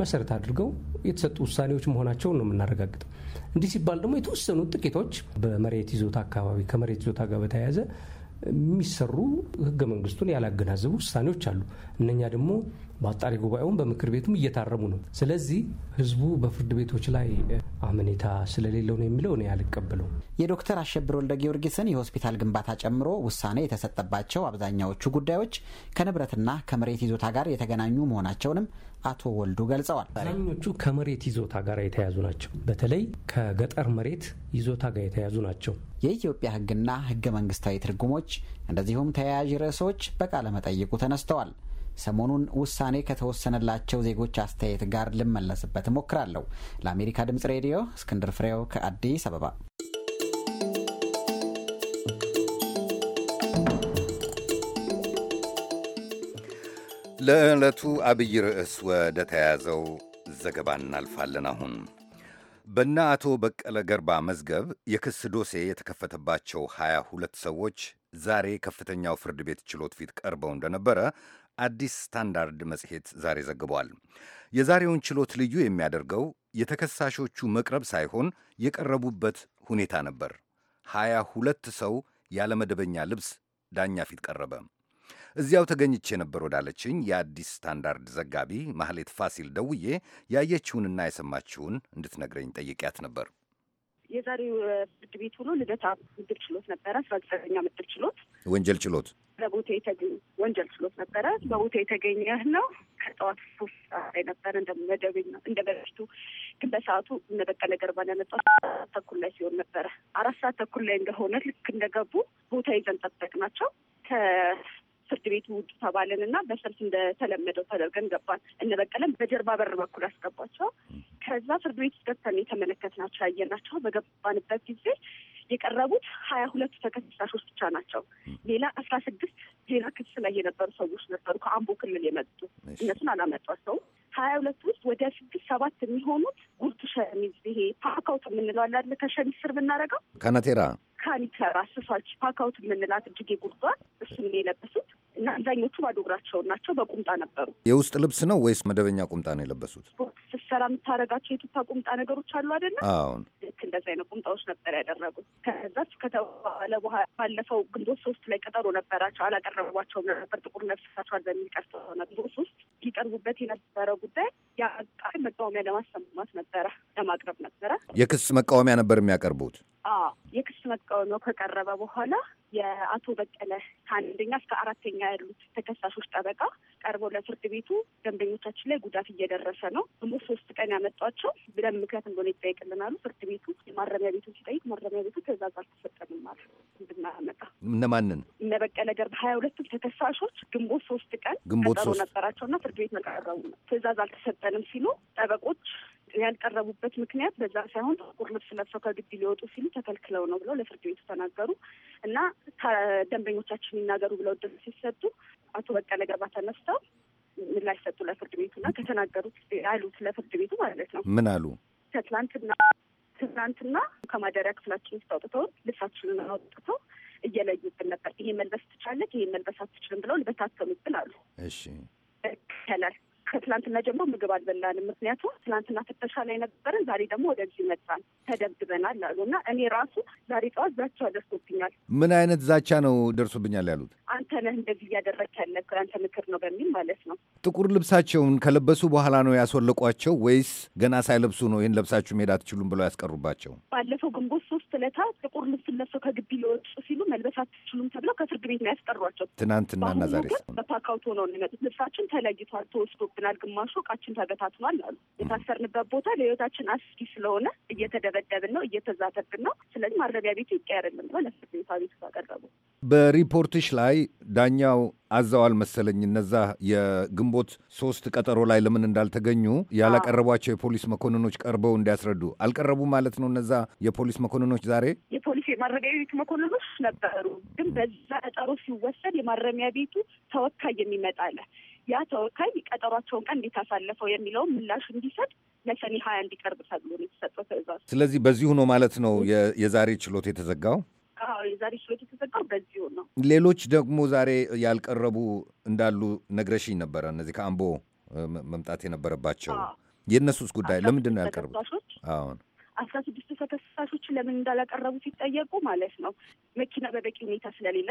መሰረት አድርገው የተሰጡ ውሳኔዎች መሆናቸውን ነው የምናረጋግጠው። እንዲህ ሲባል ደግሞ የተወሰኑ ጥቂቶች በመሬት ይዞታ አካባቢ ከመሬት ይዞታ ጋር በተያያዘ የሚሰሩ ህገ መንግስቱን ያላገናዘቡ ውሳኔዎች አሉ። እነኛ ደግሞ በአጣሪ ጉባኤውን በምክር ቤቱም እየታረሙ ነው። ስለዚህ ህዝቡ በፍርድ ቤቶች ላይ አመኔታ ስለሌለው ነው የሚለው እኔ አልቀበለው። የዶክተር አሸብር ወልደ ጊዮርጊስን የሆስፒታል ግንባታ ጨምሮ ውሳኔ የተሰጠባቸው አብዛኛዎቹ ጉዳዮች ከንብረትና ከመሬት ይዞታ ጋር የተገናኙ መሆናቸውንም አቶ ወልዱ ገልጸዋል። አብዛኞቹ ከመሬት ይዞታ ጋር የተያዙ ናቸው። በተለይ ከገጠር መሬት ይዞታ ጋር የተያዙ ናቸው። የኢትዮጵያ ሕግና ሕገ መንግስታዊ ትርጉሞች እንደዚሁም ተያያዥ ርዕሶች በቃለ መጠይቁ ተነስተዋል። ሰሞኑን ውሳኔ ከተወሰነላቸው ዜጎች አስተያየት ጋር ልመለስበት እሞክራለሁ። ለአሜሪካ ድምጽ ሬዲዮ እስክንድር ፍሬው ከአዲስ አበባ ለዕለቱ አብይ ርዕስ ወደ ተያዘው ዘገባ እናልፋለን። አሁን በእነ አቶ በቀለ ገርባ መዝገብ የክስ ዶሴ የተከፈተባቸው ሃያ ሁለት ሰዎች ዛሬ ከፍተኛው ፍርድ ቤት ችሎት ፊት ቀርበው እንደነበረ አዲስ ስታንዳርድ መጽሔት ዛሬ ዘግቧል። የዛሬውን ችሎት ልዩ የሚያደርገው የተከሳሾቹ መቅረብ ሳይሆን የቀረቡበት ሁኔታ ነበር። ሃያ ሁለት ሰው ያለመደበኛ ልብስ ዳኛ ፊት ቀረበ። እዚያው ተገኝቼ ነበር ወዳለችኝ የአዲስ ስታንዳርድ ዘጋቢ ማህሌት ፋሲል ደውዬ ያየችውንና የሰማችውን እንድትነግረኝ ጠይቂያት ነበር። የዛሬው ፍርድ ቤት ውሎ ልደታ ምድብ ችሎት ነበረ። አስራ ዘጠነኛ ምድብ ችሎት ወንጀል ችሎት በቦታ የተገኘ ወንጀል ችሎት ነበረ። በቦታ የተገኘህ ነው። ከጠዋት ሶስት ሰዓት ላይ ነበረ እንደ መደበኛ እንደ በፊቱ ግን በሰዓቱ እነ በቀለ ገርባ ያመጣ ሰዓት ተኩል ላይ ሲሆን ነበረ። አራት ሰዓት ተኩል ላይ እንደሆነ ልክ እንደገቡ ቦታ ይዘን ጠበቅ ናቸው። ፍርድ ቤቱ ውድ ተባለን እና በሰልፍ እንደተለመደው ተደርገን ገባን። እነ በጀርባ በር በኩል አስገባቸው። ከዛ ፍርድ ቤት ገብተን የተመለከትናቸው ያየናቸው በገባንበት ጊዜ የቀረቡት ሀያ ሁለቱ ተከሳሾች ብቻ ናቸው። ሌላ አስራ ስድስት ሌላ ክስ ላይ የነበሩ ሰዎች ነበሩ ከአምቦ ክልል የመጡ እነሱን አላመጧቸውም። ሀያ ሁለት ውስጥ ወደ ስድስት ሰባት የሚሆኑት ጉርቱ ሸሚዝ ይሄ ፓካውት የምንለው አለ ከሸሚዝ ስር ብናደርገው ካናቴራ ካኒተር ስሳች ፓካውት የምንላት እጅጌ ጉርቷል እሱን የለበሱት እና አብዛኞቹ ባዶ እግራቸውን ናቸው። በቁምጣ ነበሩ። የውስጥ ልብስ ነው ወይስ መደበኛ ቁምጣ ነው የለበሱት? ስትሰራ የምታደርጋቸው የቱታ ቁምጣ ነገሮች አሉ አይደለም? አሁን ልክ እንደዚ አይነት ቁምጣዎች ነበር ያደረጉት። ከዛች ከተባለ በኋላ ባለፈው ግንቦት ሶስት ላይ ቀጠሮ ነበራቸው። አላቀረቧቸውም ነበር ጥቁር ነፍሳቸዋል በሚል ቀርተሆነ ግንቦት ሶስት ሊቀርቡበት የነበረ ጉዳይ የአቃ መቃወሚያ ለማሰማት ነበረ ለማቅረብ ነበረ። የክስ መቃወሚያ ነበር የሚያቀርቡት። የክስ መቃወሚያው ከቀረበ በኋላ የአቶ በቀለ ከአንደኛ እስከ አራተኛ ያሉት ተከሳሾች ጠበቃ ቀርበው ለፍርድ ቤቱ ደንበኞቻችን ላይ ጉዳት እየደረሰ ነው፣ ግንቦት ሶስት ቀን ያመጧቸው ብለን ምክንያት እንደሆነ ይጠይቅልን አሉ። ፍርድ ቤቱ ማረሚያ ቤቱ ሲጠይቅ ማረሚያ ቤቱ ትዕዛዝ አልተሰጠንም አሉ እንድናመጣ። እነማንን? እነ በቀለ ገርባ ሀያ ሁለቱም ተከሳሾች ግንቦት ሶስት ቀን ግንቦት ነበራቸው ነበራቸውና ፍርድ ቤት መቀረቡ ነው። ትዕዛዝ አልተሰጠንም ሲሉ ጠበቆች ያልቀረቡበት ምክንያት በዛ ሳይሆን ጥቁር ልብስ ለብሰው ከግቢ ሊወጡ ሲሉ ተከልክለው ነው ብለው ለፍርድ ቤቱ ተናገሩ እና ደንበኞቻችን ይናገሩ ብለው እድል ሲሰጡ አቶ በቀለ ገርባ ተነስተው ምላሽ ሰጡ ለፍርድ ቤቱና ከተናገሩት ያሉት ለፍርድ ቤቱ ማለት ነው። ምን አሉ? ከትላንትና ትናንትና ከማደሪያ ክፍላችን ውስጥ አውጥተው ልብሳችንን አውጥተው እየለዩብን ነበር። ይሄ መልበስ ትችላለች፣ ይሄ መልበስ አትችልም ብለው በታተኑብን አሉ። እሺ ከለር ከትላንትና ጀምሮ ምግብ አልበላንም። ምክንያቱም ትላንትና ፍተሻ ላይ ነበረን፣ ዛሬ ደግሞ ወደዚህ መጣን፣ ተደብድበናል አሉ እና እኔ ራሱ ዛሬ ጠዋት ዛቻ ደርሶብኛል። ምን አይነት ዛቻ ነው ደርሶብኛል ያሉት? አንተ ነህ እንደዚህ እያደረግ ያለ አንተ ምክር ነው በሚል ማለት ነው። ጥቁር ልብሳቸውን ከለበሱ በኋላ ነው ያስወለቋቸው ወይስ ገና ሳይለብሱ ነው ይህን ለብሳችሁ መሄድ አትችሉም ብለው ያስቀሩባቸው? ባለፈው ግንቦት ሶስት ዕለት ጥቁር ልብስ ለብሰው ከግቢ ሊወጡ ሲሉ መልበስ አትችሉም ተብለው ከፍርድ ቤት ነው ያስቀሯቸው። ትናንትናና ዛሬ በፓካውት ነው ልብሳችን ተለይቷል ተወስዶብናል ተበታትነናል፣ ግማሹ እቃችን ተበታትኗል አሉ። የታሰርንበት ቦታ ለህይወታችን አስጊ ስለሆነ እየተደበደብን ነው፣ እየተዛተብን ነው። ስለዚህ ማረሚያ ቤቱ አይደለም ብለው ለፍርድ ቤት ቤቱ አቀረቡ። በሪፖርትሽ ላይ ዳኛው አዘዋል መሰለኝ እነዛ የግንቦት ሶስት ቀጠሮ ላይ ለምን እንዳልተገኙ ያላቀረቧቸው የፖሊስ መኮንኖች ቀርበው እንዲያስረዱ አልቀረቡ ማለት ነው። እነዛ የፖሊስ መኮንኖች ዛሬ የፖሊስ የማረሚያ ቤቱ መኮንኖች ነበሩ፣ ግን በዛ ቀጠሮ ሲወሰድ የማረሚያ ቤቱ ተወካይ የሚመጣለ ያ ተወካይ ቀጠሯቸውን ቀን እንዴት አሳለፈው የሚለውን ምላሽ እንዲሰጥ ለሰኔ ሀያ እንዲቀርብ ተብሎ ነው የተሰጠው ትእዛዝ። ስለዚህ በዚህ ሁኖ ማለት ነው የዛሬ ችሎት የተዘጋው። የዛሬ ችሎት የተዘጋው በዚሁ ነው። ሌሎች ደግሞ ዛሬ ያልቀረቡ እንዳሉ ነግረሽኝ ነበረ። እነዚህ ከአምቦ መምጣት የነበረባቸው የእነሱስ ጉዳይ ለምንድን ነው ያልቀረቡት? አሁን አስራ ስድስቱ ተከሳሾች ለምን እንዳላቀረቡ ሲጠየቁ ማለት ነው መኪና በበቂ ሁኔታ ስለሌለ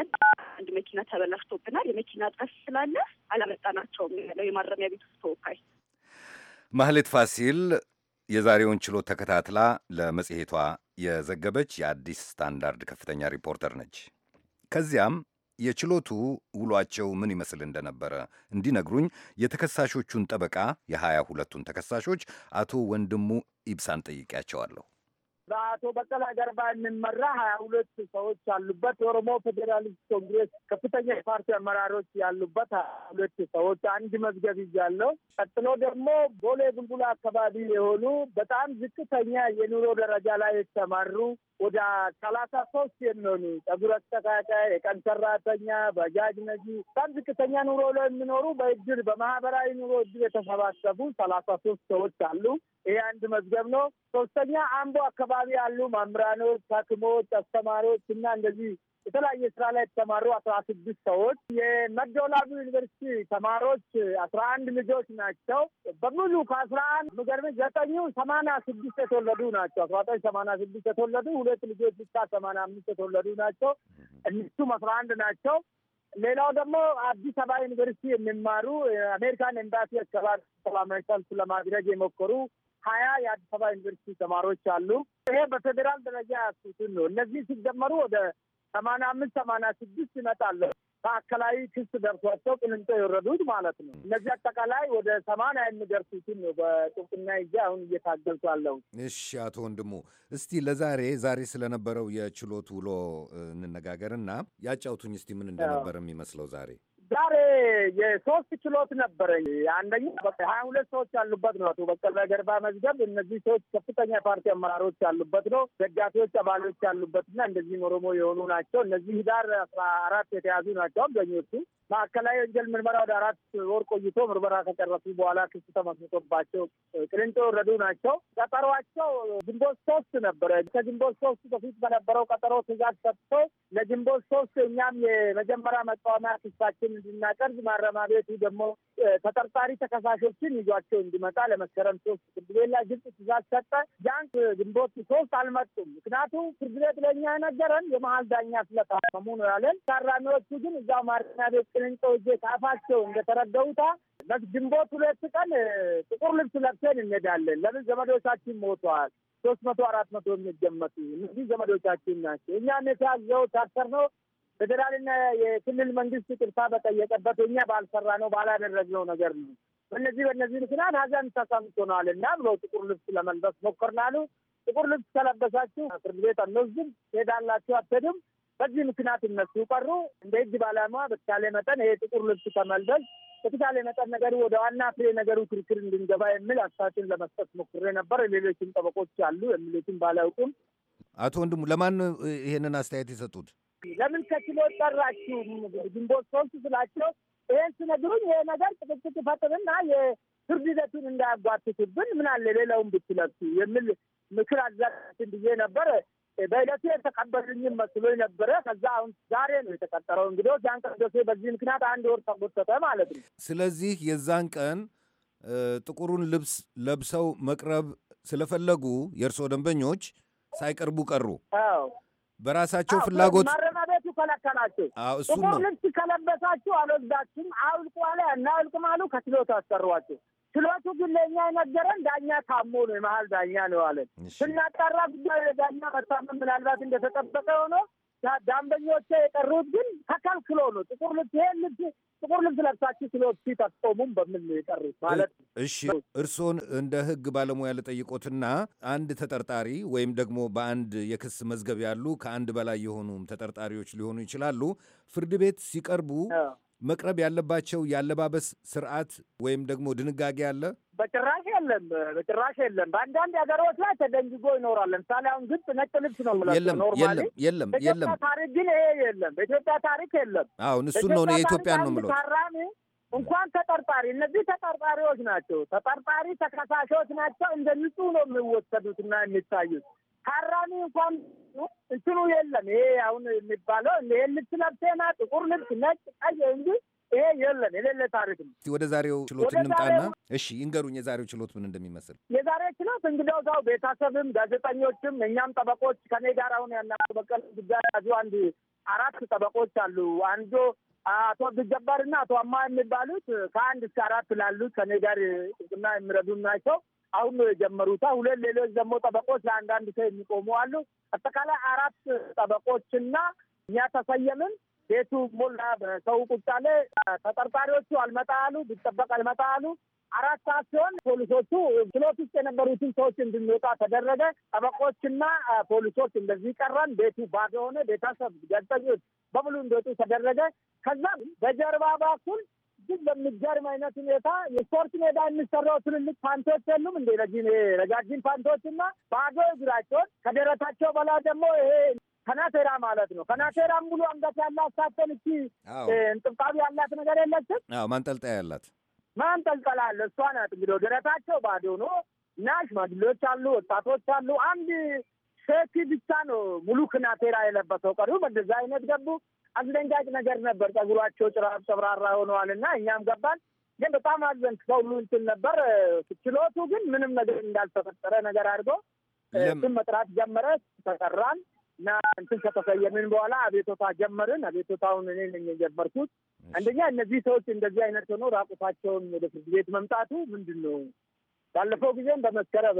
አንድ መኪና ተበላሽቶብናል፣ የመኪና እጥረት ስላለ አላመጣናቸውም ያለው የማረሚያ ቤቱ ተወካይ ማህሌት ፋሲል የዛሬውን ችሎት ተከታትላ ለመጽሔቷ የዘገበች የአዲስ ስታንዳርድ ከፍተኛ ሪፖርተር ነች። ከዚያም የችሎቱ ውሏቸው ምን ይመስል እንደነበረ እንዲነግሩኝ የተከሳሾቹን ጠበቃ የሃያ ሁለቱን ተከሳሾች አቶ ወንድሙ ኢብሳን ጠይቄያቸዋለሁ። በአቶ በቀለ ገርባ የሚመራ ሀያ ሁለት ሰዎች ያሉበት የኦሮሞ ፌዴራሊስት ኮንግሬስ ከፍተኛ የፓርቲ አመራሮች ያሉበት ሀያ ሁለት ሰዎች አንድ መዝገብ ይዣለሁ። ቀጥሎ ደግሞ ቦሌ ቡልቡላ አካባቢ የሆኑ በጣም ዝቅተኛ የኑሮ ደረጃ ላይ የተማሩ ወደ ሰላሳ ሶስት የሚሆኑ ጸጉር አስተካካይ፣ የቀን ሰራተኛ፣ በጃጅ ነጂ በጣም ዝቅተኛ ኑሮ ላይ የሚኖሩ በእድር በማህበራዊ ኑሮ እድር የተሰባሰቡ ሰላሳ ሶስት ሰዎች አሉ። ይሄ አንድ መዝገብ ነው። ሶስተኛ አምቦ አካባቢ አካባቢ ያሉ መምህራኖች፣ ሐኪሞች፣ አስተማሪዎች እና እንደዚህ የተለያየ ስራ ላይ የተሰማሩ አስራ ስድስት ሰዎች የመደወላቡ ዩኒቨርሲቲ ተማሪዎች አስራ አንድ ልጆች ናቸው። በሙሉ ከአስራ አንድ ምገርም ዘጠኙ ሰማንያ ስድስት የተወለዱ ናቸው። አስራ ዘጠኝ ሰማንያ ስድስት የተወለዱ ሁለት ልጆች ብቻ ሰማንያ አምስት የተወለዱ ናቸው። እነሱም አስራ አንድ ናቸው። ሌላው ደግሞ አዲስ አበባ ዩኒቨርሲቲ የሚማሩ አሜሪካን ኤምባሲ አካባቢ ሰላማዊ ሰልፍ ለማድረግ የሞከሩ ሀያ የአዲስ አበባ ዩኒቨርሲቲ ተማሪዎች አሉ። ይሄ በፌዴራል ደረጃ ያስቱትን ነው። እነዚህ ሲደመሩ ወደ ሰማንያ አምስት ሰማንያ ስድስት ይመጣሉ። ማዕከላዊ ክስ ደርሷቸው ቅንንጦ የወረዱት ማለት ነው። እነዚህ አጠቃላይ ወደ ሰማንያ የሚደርሱትን ነው በጥብቅና ይዤ አሁን እየታገልኩ አለው። እሺ አቶ ወንድሙ እስቲ ለዛሬ ዛሬ ስለነበረው የችሎት ውሎ እንነጋገርና ያጫውቱኝ እስቲ ምን እንደነበረ የሚመስለው ዛሬ ዛሬ የሶስት ችሎት ነበረኝ። አንደኛ ሀያ ሁለት ሰዎች ያሉበት ነው። አቶ በቀለ ገርባ መዝገብ እነዚህ ሰዎች ከፍተኛ ፓርቲ አመራሮች ያሉበት ነው። ደጋፊዎች፣ አባሎች ያሉበትና እንደዚህም ኦሮሞ የሆኑ ናቸው። እነዚህ ህዳር አስራ አራት የተያዙ ናቸው አብዛኞቹ ማዕከላዊ ወንጀል ምርመራ ወደ አራት ወር ቆይቶ ምርመራ ከጨረሱ በኋላ ክስ ተመስርቶባቸው ቅሊንጦ የወረዱ ናቸው። ቀጠሯቸው ግንቦት ሶስት ነበረ። ከግንቦት ሶስት በፊት በነበረው ቀጠሮ ትእዛዝ ሰጥቶ ለግንቦት ሶስት እኛም የመጀመሪያ መቃወሚያ ክሳችን እንድናቀርብ ማረሚያ ቤቱ ደግሞ ተጠርጣሪ ተከሳሾችን ይዟቸው እንዲመጣ ለመስከረም ሶስት ፍርድ ቤት ላይ ግልጽ ትእዛዝ ሰጠ። ጃንክ ግንቦት ሶስት አልመጡም። ምክንያቱ ፍርድ ቤት ለእኛ የነገረን የመሀል ዳኛ ስለታመሙ ነው ያለን። ታራሚዎቹ ግን እዛው ማረሚያ ቤት እጄ ጭንንጮች እንደተረገቡታ እንደተረገውታ ግንቦት ሁለት ቀን ጥቁር ልብስ ለብሰን እንሄዳለን። ለምን ዘመዶቻችን ሞተዋል። ሶስት መቶ አራት መቶ የሚገመቱ እነዚህ ዘመዶቻችን ናቸው። እኛ ነት ያዘው ታሰር ነው ፌዴራልና የክልል መንግስት ቅርታ በጠየቀበት እኛ ባልሰራ ነው ባላደረግነው ነገር ነው። በእነዚህ በእነዚህ ምክንያት ሀዘን ተሰምቶናል እና ብለው ጥቁር ልብስ ለመልበስ ሞከርናሉ። ጥቁር ልብስ ከለበሳችሁ ፍርድ ቤት አንወስድም፣ ትሄዳላችሁ፣ አትሄዱም በዚህ ምክንያት እነሱ ቀሩ። እንደ ህግ ባለሙያ በተቻለ መጠን ይሄ ጥቁር ልብስ ከመልበስ በተቻለ መጠን ነገሩ ወደ ዋና ፍሬ ነገሩ ክርክር እንድንገባ የሚል አሳችን ለመስጠት ሞክሬ ነበር። ሌሎችም ጠበቆች አሉ የሚሉትም ባላውቁም። አቶ ወንድሙ ለማን ይሄንን አስተያየት የሰጡት? ለምን ከችሎት ጠራችሁ ግንቦት ሶስት ስላቸው ይህን ስነግሩኝ ይሄ ነገር ጥቅጥቅ ይፈጥርና የፍርድ ሂደቱን እንዳያጓትትብን ምናለ ሌላውን ብትለሱ የሚል ምክር አዛትን ብዬ ነበር። በእለቱ የተቀበሉኝም መስሎ ነበረ። ከዛ አሁን ዛሬ ነው የተቀጠረው። እንግዲህ ያን ቀን ደሴ በዚህ ምክንያት አንድ ወር ተጎተተ ማለት ነው። ስለዚህ የዛን ቀን ጥቁሩን ልብስ ለብሰው መቅረብ ስለፈለጉ የእርስዎ ደንበኞች ሳይቀርቡ ቀሩ። በራሳቸው ፍላጎት ማረሚያ ቤቱ ከለከላቸው። እሱ ልብስ ከለበሳችሁ አልወስዳችሁም፣ አውልቁ አለ። እናውልቅም አሉ። ከችሎት አሰሯቸው። ችሎቱ ግን ለእኛ የነገረን ዳኛ ታሞ ነው፣ የመሀል ዳኛ ነው አለን። ስናጣራ ጉዳዩ የዳኛ መታመም ምናልባት እንደተጠበቀ ሆኖ ዳንበኞቼ የቀሩት ግን ተከልክሎ ነው። ጥቁር ልብስ ይሄን ልብስ ጥቁር ልብስ ለብሳችሁ ችሎት ፊት አስቆሙም በምን የቀሩት ማለት። እሺ እርስዎን እንደ ህግ ባለሙያ ልጠይቆትና አንድ ተጠርጣሪ ወይም ደግሞ በአንድ የክስ መዝገብ ያሉ ከአንድ በላይ የሆኑም ተጠርጣሪዎች ሊሆኑ ይችላሉ ፍርድ ቤት ሲቀርቡ መቅረብ ያለባቸው የአለባበስ ስርዓት ወይም ደግሞ ድንጋጌ አለ? በጭራሽ የለም። በጭራሽ የለም። በአንዳንድ ሀገሮች ላይ ተደንግጎ ይኖራል። ለምሳሌ አሁን ግብጽ ነጭ ልብስ ነው የምላቸው ኖርማሊ። የለም የለም፣ ታሪክ ግን ይሄ የለም። በኢትዮጵያ ታሪክ የለም። አሁን እሱን ነው የኢትዮጵያ ነው የምለው። እንኳን ተጠርጣሪ እነዚህ ተጠርጣሪዎች ናቸው። ተጠርጣሪ ተከሳሾች ናቸው። እንደ ንጹህ ነው የሚወሰዱትና የሚታዩት ታራሚ እንኳን እንትኑ የለም። ይሄ አሁን የሚባለው ይሄን ልብስ ለብሴና ጥቁር ልብስ ነጭ፣ ቀይ እንጂ ይሄ የለም የሌለ ታሪክ ነው። ወደ ዛሬው ችሎት እንምጣና እሺ ይንገሩኝ፣ የዛሬው ችሎት ምን እንደሚመስል። የዛሬ ችሎት እንግዲያው ሰው ቤተሰብም፣ ጋዜጠኞችም፣ እኛም ጠበቆች ከኔ ጋር አሁን ያናቸው በቀለ ጉዳይ ያዙ አንድ አራት ጠበቆች አሉ። አንዱ አቶ አብዱጀባር እና አቶ አማ የሚባሉት ከአንድ እስከ አራት ላሉት ከኔ ጋር ጥቅና የሚረዱም ናቸው። አሁን ነው የጀመሩት። ሁለት ሌሎች ደግሞ ጠበቆች ለአንዳንድ ሰው የሚቆሙ አሉ። አጠቃላይ አራት ጠበቆችና እኛ ተሰየምን። ቤቱ ሞላ በሰው ቁጣ ላይ ተጠርጣሪዎቹ አልመጣ አሉ፣ ቢጠበቅ አልመጣ አሉ። አራት ሰዓት ሲሆን ፖሊሶቹ ችሎት ውስጥ የነበሩትን ሰዎች እንድንወጣ ተደረገ። ጠበቆችና ፖሊሶች እንደዚህ ቀረን። ቤቱ ባዶ ሆነ። ቤተሰብ፣ ጋዜጠኞች በሙሉ እንዲወጡ ተደረገ። ከዛም በጀርባ በኩል እጅግ በሚገርም አይነት ሁኔታ የስፖርት ሜዳ የሚሰራው ትልልቅ ፓንቶች የሉም እንዴ? ረጃጅም ፓንቶች እና ባዶ እግራቸውን ከደረታቸው በላይ ደግሞ ይሄ ከናቴራ ማለት ነው። ከናቴራ ሙሉ አንገት ያላት ሳተን እቺ እንጥብጣቢ ያላት ነገር የለችም። ማንጠልጠያ ያላት ማንጠልጠላ አለ። እሷ ናት እንግዲህ ደረታቸው ባዶ ነው እና ሽማግሌዎች አሉ፣ ወጣቶች አሉ። አንድ ሴቲ ብቻ ነው ሙሉ ክናቴራ የለበሰው። ቀሪው በደዛ አይነት ገቡ። አስደንጋጭ ነገር ነበር። ጸጉሯቸው ጭራብ ሰብራራ ሆነዋል እና እኛም ገባን። ግን በጣም አዘን ከሁሉ እንትን ነበር። ችሎቱ ግን ምንም ነገር እንዳልተፈጠረ ነገር አድርጎ ስም መጥራት ጀመረ። ተጠራን እና እንትን ከተሰየምን በኋላ አቤቶታ ጀመርን። አቤቶታውን እኔ ነኝ የጀመርኩት። አንደኛ እነዚህ ሰዎች እንደዚህ አይነት ሆኖ ራቁታቸውን ወደ ፍርድ ቤት መምጣቱ ምንድን ነው ባለፈው ጊዜም በመስከረም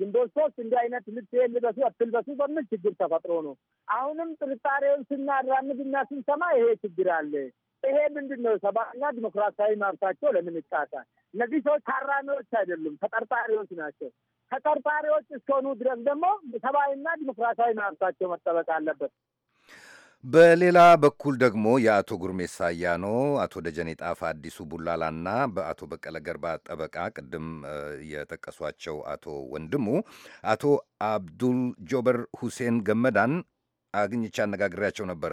ግንቦት ሶስት እንዲህ አይነት ልብስ ልበሱ አትልበሱ በምን ችግር ተፈጥሮ ነው። አሁንም ጥርጣሬውን ስናራምድና ስንሰማ ይሄ ችግር አለ። ይሄ ምንድን ነው? ሰብአዊና ዲሞክራሲያዊ መብታቸው ለምን ይጣሳል? እነዚህ ሰዎች ታራሚዎች አይደሉም፣ ተጠርጣሪዎች ናቸው። ተጠርጣሪዎች እስከሆኑ ድረስ ደግሞ ሰብአዊና ዲሞክራሲያዊ መብታቸው መጠበቅ አለበት። በሌላ በኩል ደግሞ የአቶ ጉርሜሳ አያኖ፣ አቶ ደጀኔ ጣፋ፣ አዲሱ ቡላላና በአቶ በቀለ ገርባ ጠበቃ ቅድም የጠቀሷቸው አቶ ወንድሙ አቶ አብዱል ጆበር ሁሴን ገመዳን አግኝቻ አነጋግሬያቸው ነበረ።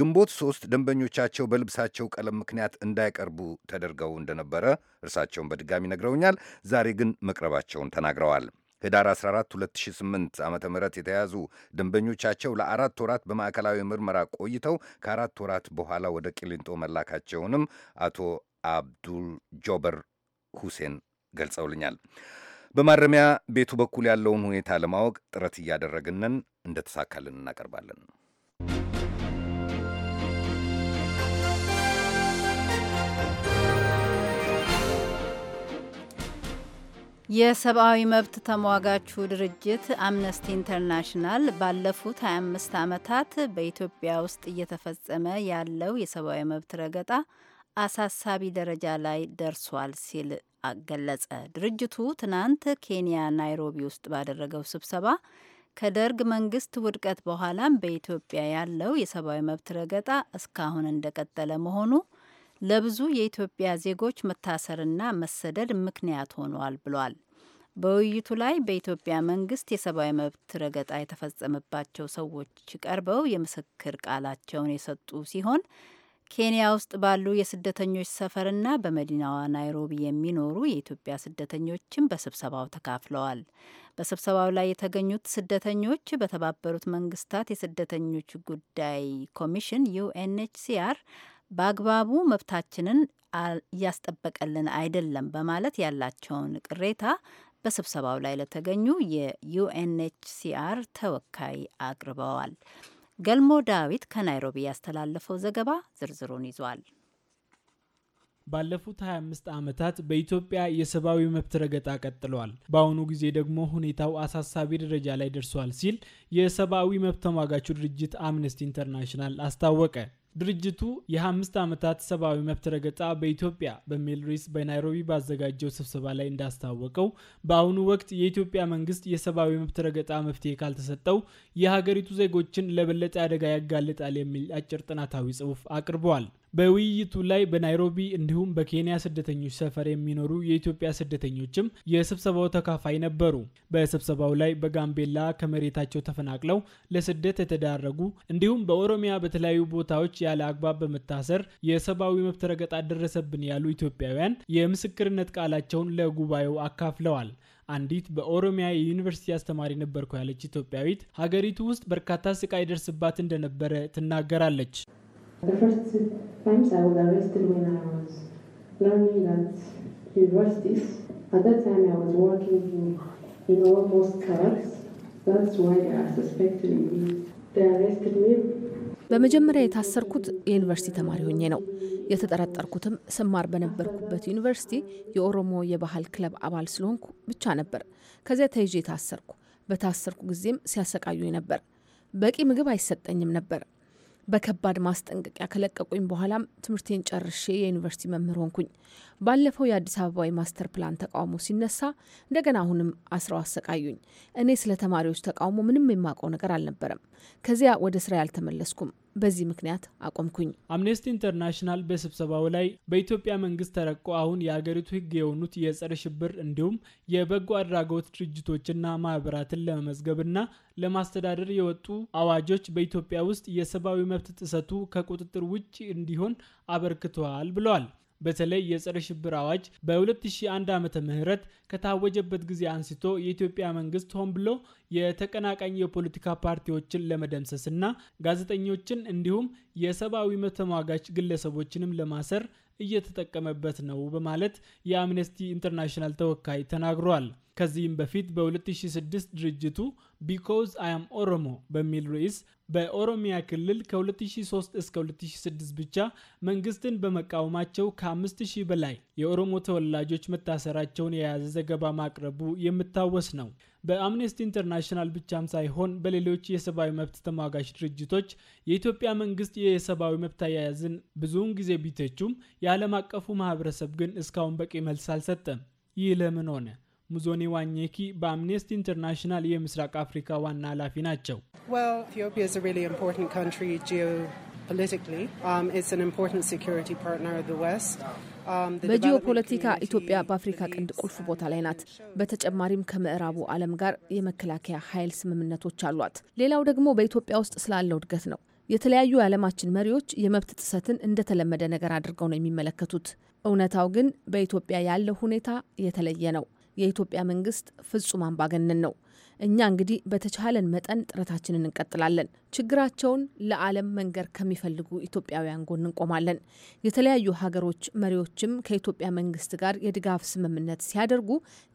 ግንቦት ሶስት ደንበኞቻቸው በልብሳቸው ቀለም ምክንያት እንዳይቀርቡ ተደርገው እንደነበረ እርሳቸውን በድጋሚ ነግረውኛል። ዛሬ ግን መቅረባቸውን ተናግረዋል። ህዳር 14 2008 ዓ ም የተያዙ ደንበኞቻቸው ለአራት ወራት በማዕከላዊ ምርመራ ቆይተው ከአራት ወራት በኋላ ወደ ቂሊንጦ መላካቸውንም አቶ አብዱል ጆበር ሁሴን ገልጸውልኛል። በማረሚያ ቤቱ በኩል ያለውን ሁኔታ ለማወቅ ጥረት እያደረግንን እንደተሳካልን እናቀርባለን። የሰብአዊ መብት ተሟጋቹ ድርጅት አምነስቲ ኢንተርናሽናል ባለፉት 25 ዓመታት በኢትዮጵያ ውስጥ እየተፈጸመ ያለው የሰብአዊ መብት ረገጣ አሳሳቢ ደረጃ ላይ ደርሷል ሲል ገለጸ። ድርጅቱ ትናንት ኬንያ ናይሮቢ ውስጥ ባደረገው ስብሰባ ከደርግ መንግስት ውድቀት በኋላም በኢትዮጵያ ያለው የሰብአዊ መብት ረገጣ እስካሁን እንደቀጠለ መሆኑ ለብዙ የኢትዮጵያ ዜጎች መታሰርና መሰደድ ምክንያት ሆኗል ብሏል። በውይይቱ ላይ በኢትዮጵያ መንግስት የሰብአዊ መብት ረገጣ የተፈጸመባቸው ሰዎች ቀርበው የምስክር ቃላቸውን የሰጡ ሲሆን ኬንያ ውስጥ ባሉ የስደተኞች ሰፈርና በመዲናዋ ናይሮቢ የሚኖሩ የኢትዮጵያ ስደተኞችም በስብሰባው ተካፍለዋል። በስብሰባው ላይ የተገኙት ስደተኞች በተባበሩት መንግስታት የስደተኞች ጉዳይ ኮሚሽን ዩኤንኤችሲአር በአግባቡ መብታችንን እያስጠበቀልን አይደለም በማለት ያላቸውን ቅሬታ በስብሰባው ላይ ለተገኙ የዩኤንኤችሲአር ተወካይ አቅርበዋል። ገልሞ ዳዊት ከናይሮቢ ያስተላለፈው ዘገባ ዝርዝሩን ይዟል። ባለፉት 25 ዓመታት በኢትዮጵያ የሰብአዊ መብት ረገጣ ቀጥለዋል። በአሁኑ ጊዜ ደግሞ ሁኔታው አሳሳቢ ደረጃ ላይ ደርሷል ሲል የሰብአዊ መብት ተሟጋቹ ድርጅት አምነስቲ ኢንተርናሽናል አስታወቀ። ድርጅቱ የአምስት ዓመታት ሰብአዊ መብት ረገጣ በኢትዮጵያ በሚል ርዕስ በናይሮቢ ባዘጋጀው ስብሰባ ላይ እንዳስታወቀው በአሁኑ ወቅት የኢትዮጵያ መንግስት የሰብአዊ መብት ረገጣ መፍትሄ ካልተሰጠው የሀገሪቱ ዜጎችን ለበለጠ አደጋ ያጋልጣል የሚል አጭር ጥናታዊ ጽሑፍ አቅርበዋል። በውይይቱ ላይ በናይሮቢ እንዲሁም በኬንያ ስደተኞች ሰፈር የሚኖሩ የኢትዮጵያ ስደተኞችም የስብሰባው ተካፋይ ነበሩ። በስብሰባው ላይ በጋምቤላ ከመሬታቸው ተፈናቅለው ለስደት የተዳረጉ እንዲሁም በኦሮሚያ በተለያዩ ቦታዎች ያለ አግባብ በመታሰር የሰብአዊ መብት ረገጣ ደረሰብን ያሉ ኢትዮጵያውያን የምስክርነት ቃላቸውን ለጉባኤው አካፍለዋል። አንዲት በኦሮሚያ የዩኒቨርሲቲ አስተማሪ ነበርኩ ያለች ኢትዮጵያዊት ሀገሪቱ ውስጥ በርካታ ስቃይ ደርስባት እንደነበረ ትናገራለች። The first times I was arrested when I was learning at universities. At that time I was working in, in almost carrots. That's why they are suspecting me. They arrested me. በመጀመሪያ የታሰርኩት የዩኒቨርሲቲ ተማሪ ሆኜ ነው። የተጠረጠርኩትም ስማር በነበርኩበት ዩኒቨርሲቲ የኦሮሞ የባህል ክለብ አባል ስለሆንኩ ብቻ ነበር። ከዚያ ተይዤ የታሰርኩ። በታሰርኩ ጊዜም ሲያሰቃዩኝ ነበር። በቂ ምግብ አይሰጠኝም ነበር። በከባድ ማስጠንቀቂያ ከለቀቁኝ በኋላም ትምህርቴን ጨርሼ የዩኒቨርሲቲ መምህር ሆንኩኝ። ባለፈው የአዲስ አበባ የማስተር ፕላን ተቃውሞ ሲነሳ እንደገና አሁንም አስረው አሰቃዩኝ። እኔ ስለ ተማሪዎች ተቃውሞ ምንም የማውቀው ነገር አልነበረም። ከዚያ ወደ ስራ ያልተመለስኩም። በዚህ ምክንያት አቆምኩኝ። አምነስቲ ኢንተርናሽናል በስብሰባው ላይ በኢትዮጵያ መንግስት ተረቆ አሁን የአገሪቱ ህግ የሆኑት የጸረ ሽብር እንዲሁም የበጎ አድራጎት ድርጅቶችና ማህበራትን ለመመዝገብና ለማስተዳደር የወጡ አዋጆች በኢትዮጵያ ውስጥ የሰብአዊ መብት ጥሰቱ ከቁጥጥር ውጭ እንዲሆን አበርክተዋል ብለዋል። በተለይ የጸረ ሽብር አዋጅ በ2001 ዓመተ ምህረት ከታወጀበት ጊዜ አንስቶ የኢትዮጵያ መንግስት ሆን ብሎ የተቀናቃኝ የፖለቲካ ፓርቲዎችን ለመደምሰስና ጋዜጠኞችን እንዲሁም የሰብአዊ መብት ተሟጋች ግለሰቦችንም ለማሰር እየተጠቀመበት ነው በማለት የአምነስቲ ኢንተርናሽናል ተወካይ ተናግሯል። ከዚህም በፊት በ2006 ድርጅቱ ቢኮዝ አያም ኦሮሞ በሚል ርዕስ በኦሮሚያ ክልል ከ2003 እስከ 2006 ብቻ መንግስትን በመቃወማቸው ከ5000 በላይ የኦሮሞ ተወላጆች መታሰራቸውን የያዘ ዘገባ ማቅረቡ የምታወስ ነው። በአምነስቲ ኢንተርናሽናል ብቻም ሳይሆን በሌሎች የሰብአዊ መብት ተሟጋች ድርጅቶች የኢትዮጵያ መንግስት የሰብአዊ መብት አያያዝን ብዙውን ጊዜ ቢተቹም የዓለም አቀፉ ማህበረሰብ ግን እስካሁን በቂ መልስ አልሰጠም። ይህ ለምን ሆነ? ሙዞኒ ዋኘኪ በአምነስቲ ኢንተርናሽናል የምስራቅ አፍሪካ ዋና ኃላፊ ናቸው። Um, በጂኦ ፖለቲካ ኢትዮጵያ በአፍሪካ ቀንድ ቁልፍ uh, ቦታ ላይ ናት። በተጨማሪም ከምዕራቡ ዓለም ጋር የመከላከያ ኃይል ስምምነቶች አሏት። ሌላው ደግሞ በኢትዮጵያ ውስጥ ስላለው እድገት ነው። የተለያዩ የዓለማችን መሪዎች የመብት ጥሰትን እንደተለመደ ነገር አድርገው ነው የሚመለከቱት። እውነታው ግን በኢትዮጵያ ያለው ሁኔታ የተለየ ነው። የኢትዮጵያ መንግስት ፍጹም አምባገነን ነው። እኛ እንግዲህ በተቻለን መጠን ጥረታችንን እንቀጥላለን። ችግራቸውን ለዓለም መንገር ከሚፈልጉ ኢትዮጵያውያን ጎን እንቆማለን። የተለያዩ ሀገሮች መሪዎችም ከኢትዮጵያ መንግስት ጋር የድጋፍ ስምምነት ሲያደርጉ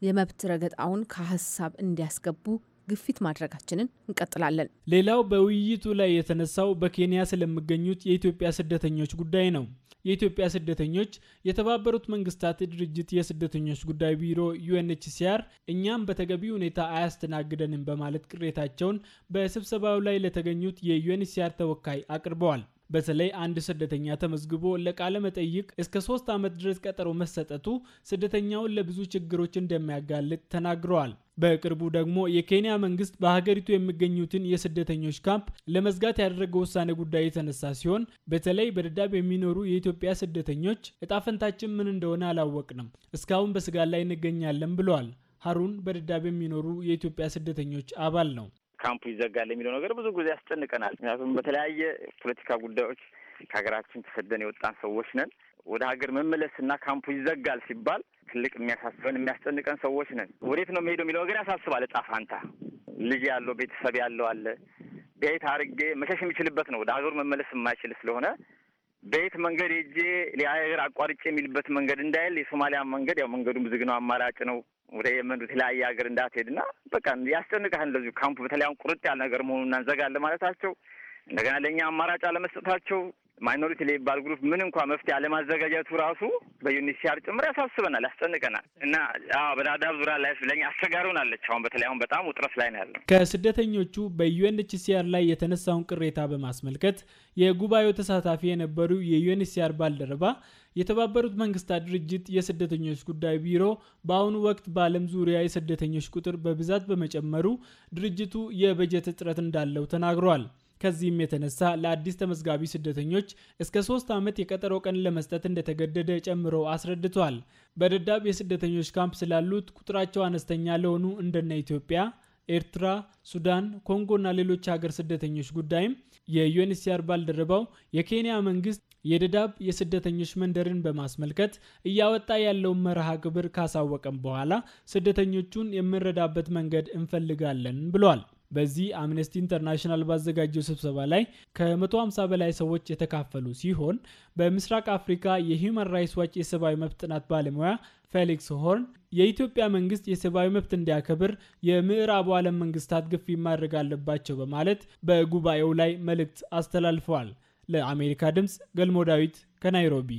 የመብት ረገጣውን ከሀሳብ እንዲያስገቡ ግፊት ማድረጋችንን እንቀጥላለን። ሌላው በውይይቱ ላይ የተነሳው በኬንያ ስለሚገኙት የኢትዮጵያ ስደተኞች ጉዳይ ነው። የኢትዮጵያ ስደተኞች የተባበሩት መንግስታት ድርጅት የስደተኞች ጉዳይ ቢሮ ዩኤንኤችሲአር እኛም በተገቢ ሁኔታ አያስተናግደንም በማለት ቅሬታቸውን በስብሰባው ላይ ለተገኙት የዩኤንኤችሲአር ተወካይ አቅርበዋል። በተለይ አንድ ስደተኛ ተመዝግቦ ለቃለ መጠይቅ እስከ ሶስት ዓመት ድረስ ቀጠሮ መሰጠቱ ስደተኛውን ለብዙ ችግሮች እንደሚያጋልጥ ተናግረዋል። በቅርቡ ደግሞ የኬንያ መንግስት በሀገሪቱ የሚገኙትን የስደተኞች ካምፕ ለመዝጋት ያደረገው ውሳኔ ጉዳይ የተነሳ ሲሆን በተለይ በደዳብ የሚኖሩ የኢትዮጵያ ስደተኞች እጣፈንታችን ምን እንደሆነ አላወቅንም፣ እስካሁን በስጋት ላይ እንገኛለን ብለዋል። ሀሩን በደዳብ የሚኖሩ የኢትዮጵያ ስደተኞች አባል ነው። ካምፑ ይዘጋል የሚለው ነገር ብዙ ጊዜ ያስጨንቀናል። ምክንያቱም በተለያየ ፖለቲካ ጉዳዮች ከሀገራችን ተሰደን የወጣን ሰዎች ነን። ወደ ሀገር መመለስና ካምፑ ይዘጋል ሲባል ትልቅ የሚያሳስበን የሚያስጨንቀን ሰዎች ነን። ወዴት ነው የሚሄደው የሚለው ነገር ያሳስባል። እጣ ፋንታ ልጅ ያለው ቤተሰብ ያለው አለ ቤት አርጌ መሸሽ የሚችልበት ነው። ወደ ሀገሩ መመለስ የማይችል ስለሆነ በየት መንገድ ሄጄ ሀገር አቋርጬ የሚልበት መንገድ እንዳይል የሶማሊያ መንገድ ያው መንገዱን ብዙ አማራጭ ነው ወደ የመን የተለያየ ሀገር እንዳትሄድና በቃ ያስጨንቃል። እንደዚሁ ካምፕ በተለይ አሁን ቁርጥ ያለ ነገር መሆኑን እናንዘጋለን ማለታቸው እንደገና ለእኛ አማራጭ አለመስጠታቸው ማይኖሪቲ ሌባል ግሩፕ ምን እንኳ መፍትሄ አለማዘጋጀቱ ራሱ በዩኒሲያር ጭምር ያሳስበናል፣ ያስጨንቀናል እና በዳዳብ ዙሪያ ላይ ለኛ አስቸጋሪ ሆናለች። አሁን በተለይ አሁን በጣም ውጥረት ላይ ነው ያለው። ከስደተኞቹ በዩኤንኤችሲአር ላይ የተነሳውን ቅሬታ በማስመልከት የጉባኤው ተሳታፊ የነበሩ የዩኤንኤችሲአር ባልደረባ የተባበሩት መንግስታት ድርጅት የስደተኞች ጉዳይ ቢሮ በአሁኑ ወቅት በዓለም ዙሪያ የስደተኞች ቁጥር በብዛት በመጨመሩ ድርጅቱ የበጀት እጥረት እንዳለው ተናግሯል። ከዚህም የተነሳ ለአዲስ ተመዝጋቢ ስደተኞች እስከ ሶስት ዓመት የቀጠሮ ቀን ለመስጠት እንደተገደደ ጨምሮ አስረድቷል። በደዳብ የስደተኞች ካምፕ ስላሉት ቁጥራቸው አነስተኛ ለሆኑ እንደነ ኢትዮጵያ ኤርትራ፣ ሱዳን፣ ኮንጎና ሌሎች ሀገር ስደተኞች ጉዳይም የዩኤንኤችሲአር ባልደረባው የኬንያ መንግስት የደዳብ የስደተኞች መንደርን በማስመልከት እያወጣ ያለውን መርሃ ግብር ካሳወቀም በኋላ ስደተኞቹን የምንረዳበት መንገድ እንፈልጋለን ብሏል። በዚህ አምነስቲ ኢንተርናሽናል ባዘጋጀው ስብሰባ ላይ ከ150 በላይ ሰዎች የተካፈሉ ሲሆን በምስራቅ አፍሪካ የሂውማን ራይትስ ዋች የሰብአዊ መብት ጥናት ባለሙያ ፌሊክስ ሆርን የኢትዮጵያ መንግስት የሰብአዊ መብት እንዲያከብር የምዕራቡ ዓለም መንግስታት ግፊት ማድረግ አለባቸው በማለት በጉባኤው ላይ መልእክት አስተላልፈዋል። ለአሜሪካ ድምፅ ገልሞ ዳዊት ከናይሮቢ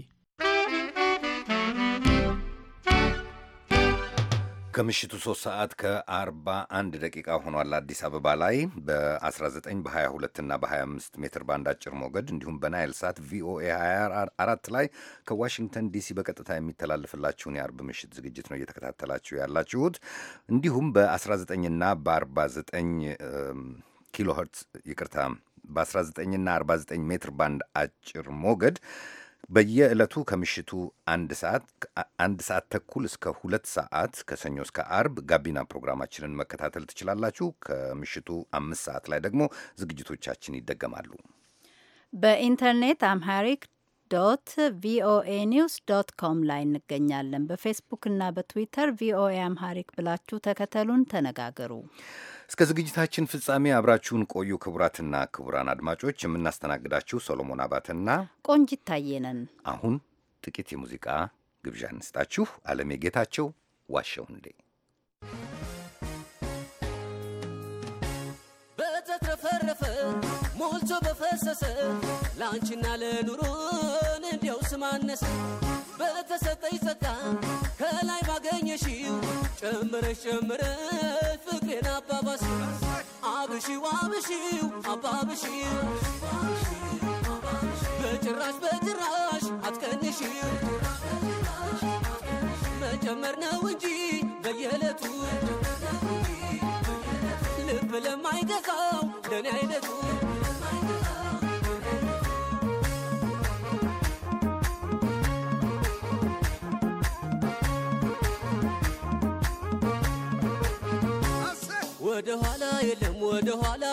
ከምሽቱ 3 ሰዓት ከ41 ደቂቃ ሆኗል። አዲስ አበባ ላይ በ19 በ22 እና በ25 ሜትር ባንድ አጭር ሞገድ እንዲሁም በናይል ሳት ቪኦኤ 24 ላይ ከዋሽንግተን ዲሲ በቀጥታ የሚተላልፍላችሁን የአርብ ምሽት ዝግጅት ነው እየተከታተላችሁ ያላችሁት። እንዲሁም በ19 እና በ49 ኪሎ ኸርትዝ ይቅርታ፣ በ19 እና 49 ሜትር ባንድ አጭር ሞገድ በየዕለቱ ከምሽቱ አንድ ሰዓት አንድ ሰዓት ተኩል እስከ ሁለት ሰዓት ከሰኞ እስከ አርብ ጋቢና ፕሮግራማችንን መከታተል ትችላላችሁ። ከምሽቱ አምስት ሰዓት ላይ ደግሞ ዝግጅቶቻችን ይደገማሉ። በኢንተርኔት አምሃሪክ ዶት ቪኦኤ ኒውስ ዶት ኮም ላይ እንገኛለን። በፌስቡክና በትዊተር ቪኦኤ አምሃሪክ ብላችሁ ተከተሉን፣ ተነጋገሩ። እስከ ዝግጅታችን ፍጻሜ አብራችሁን ቆዩ። ክቡራትና ክቡራን አድማጮች የምናስተናግዳችሁ ሶሎሞን አባትና ቆንጂት ታየ አሁን ጥቂት የሙዚቃ ግብዣ እንስጣችሁ። አለም የጌታቸው ዋሸው እንዴ በተትረፈረፈ ሞልቶ በፈሰሰ ለአንቺና ለኑሮ ማነስ በተሰጠኝ ጸጋ ከላይ ባገኘሽው ጨምረሽ ጨምረሽ ፍቅሬን አባባሽው አብሽው አብሽው አባብሽው በጭራሽ በጭራሽ አትቀንሽው መጨመር ነው እንጂ በየዕለቱ ልብ ለማይገዛው ለኔ አይነቱ ወደ ኋላ የለም ወደ ኋላ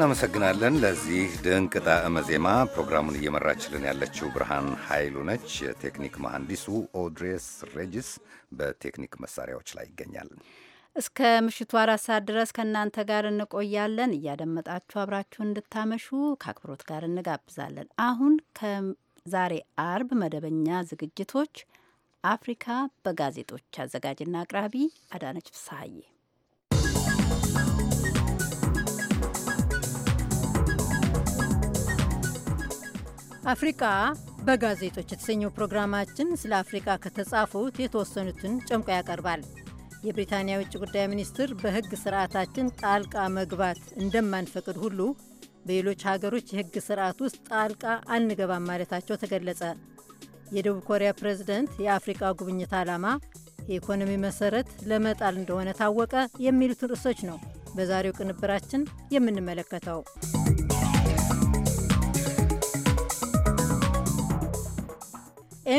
እናመሰግናለን ለዚህ ድንቅ ጣዕመ ዜማ። ፕሮግራሙን እየመራችልን ያለችው ብርሃን ኃይሉ ነች። የቴክኒክ መሐንዲሱ ኦድሬስ ሬጅስ በቴክኒክ መሳሪያዎች ላይ ይገኛል። እስከ ምሽቱ አራት ሰዓት ድረስ ከእናንተ ጋር እንቆያለን። እያደመጣችሁ አብራችሁ እንድታመሹ ከአክብሮት ጋር እንጋብዛለን። አሁን ከዛሬ አርብ መደበኛ ዝግጅቶች አፍሪካ በጋዜጦች አዘጋጅና አቅራቢ አዳነች ፍስሐዬ አፍሪቃ በጋዜጦች የተሰኘው ፕሮግራማችን ስለ አፍሪቃ ከተጻፉት የተወሰኑትን ጨምቆ ያቀርባል። የብሪታንያ የውጭ ጉዳይ ሚኒስትር በሕግ ስርዓታችን ጣልቃ መግባት እንደማንፈቅድ ሁሉ በሌሎች ሀገሮች የሕግ ስርዓት ውስጥ ጣልቃ አንገባም ማለታቸው ተገለጸ። የደቡብ ኮሪያ ፕሬዝደንት የአፍሪቃ ጉብኝት ዓላማ የኢኮኖሚ መሰረት ለመጣል እንደሆነ ታወቀ። የሚሉትን ርዕሶች ነው በዛሬው ቅንብራችን የምንመለከተው።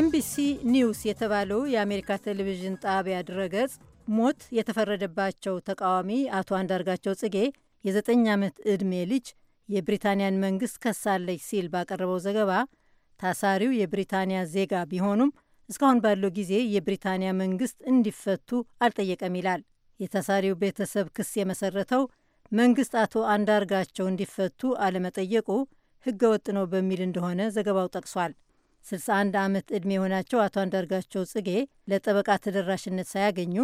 ኤምቢሲ ኒውስ የተባለው የአሜሪካ ቴሌቪዥን ጣቢያ ድረገጽ ሞት የተፈረደባቸው ተቃዋሚ አቶ አንዳርጋቸው ጽጌ የዘጠኝ ዓመት ዕድሜ ልጅ የብሪታንያን መንግስት ከሳለች ሲል ባቀረበው ዘገባ ታሳሪው የብሪታንያ ዜጋ ቢሆኑም እስካሁን ባለው ጊዜ የብሪታንያ መንግስት እንዲፈቱ አልጠየቀም ይላል። የታሳሪው ቤተሰብ ክስ የመሰረተው መንግስት አቶ አንዳርጋቸው እንዲፈቱ አለመጠየቁ ሕገ ወጥ ነው በሚል እንደሆነ ዘገባው ጠቅሷል። 61 ዓመት ዕድሜ የሆናቸው አቶ አንዳርጋቸው ጽጌ ለጠበቃ ተደራሽነት ሳያገኙ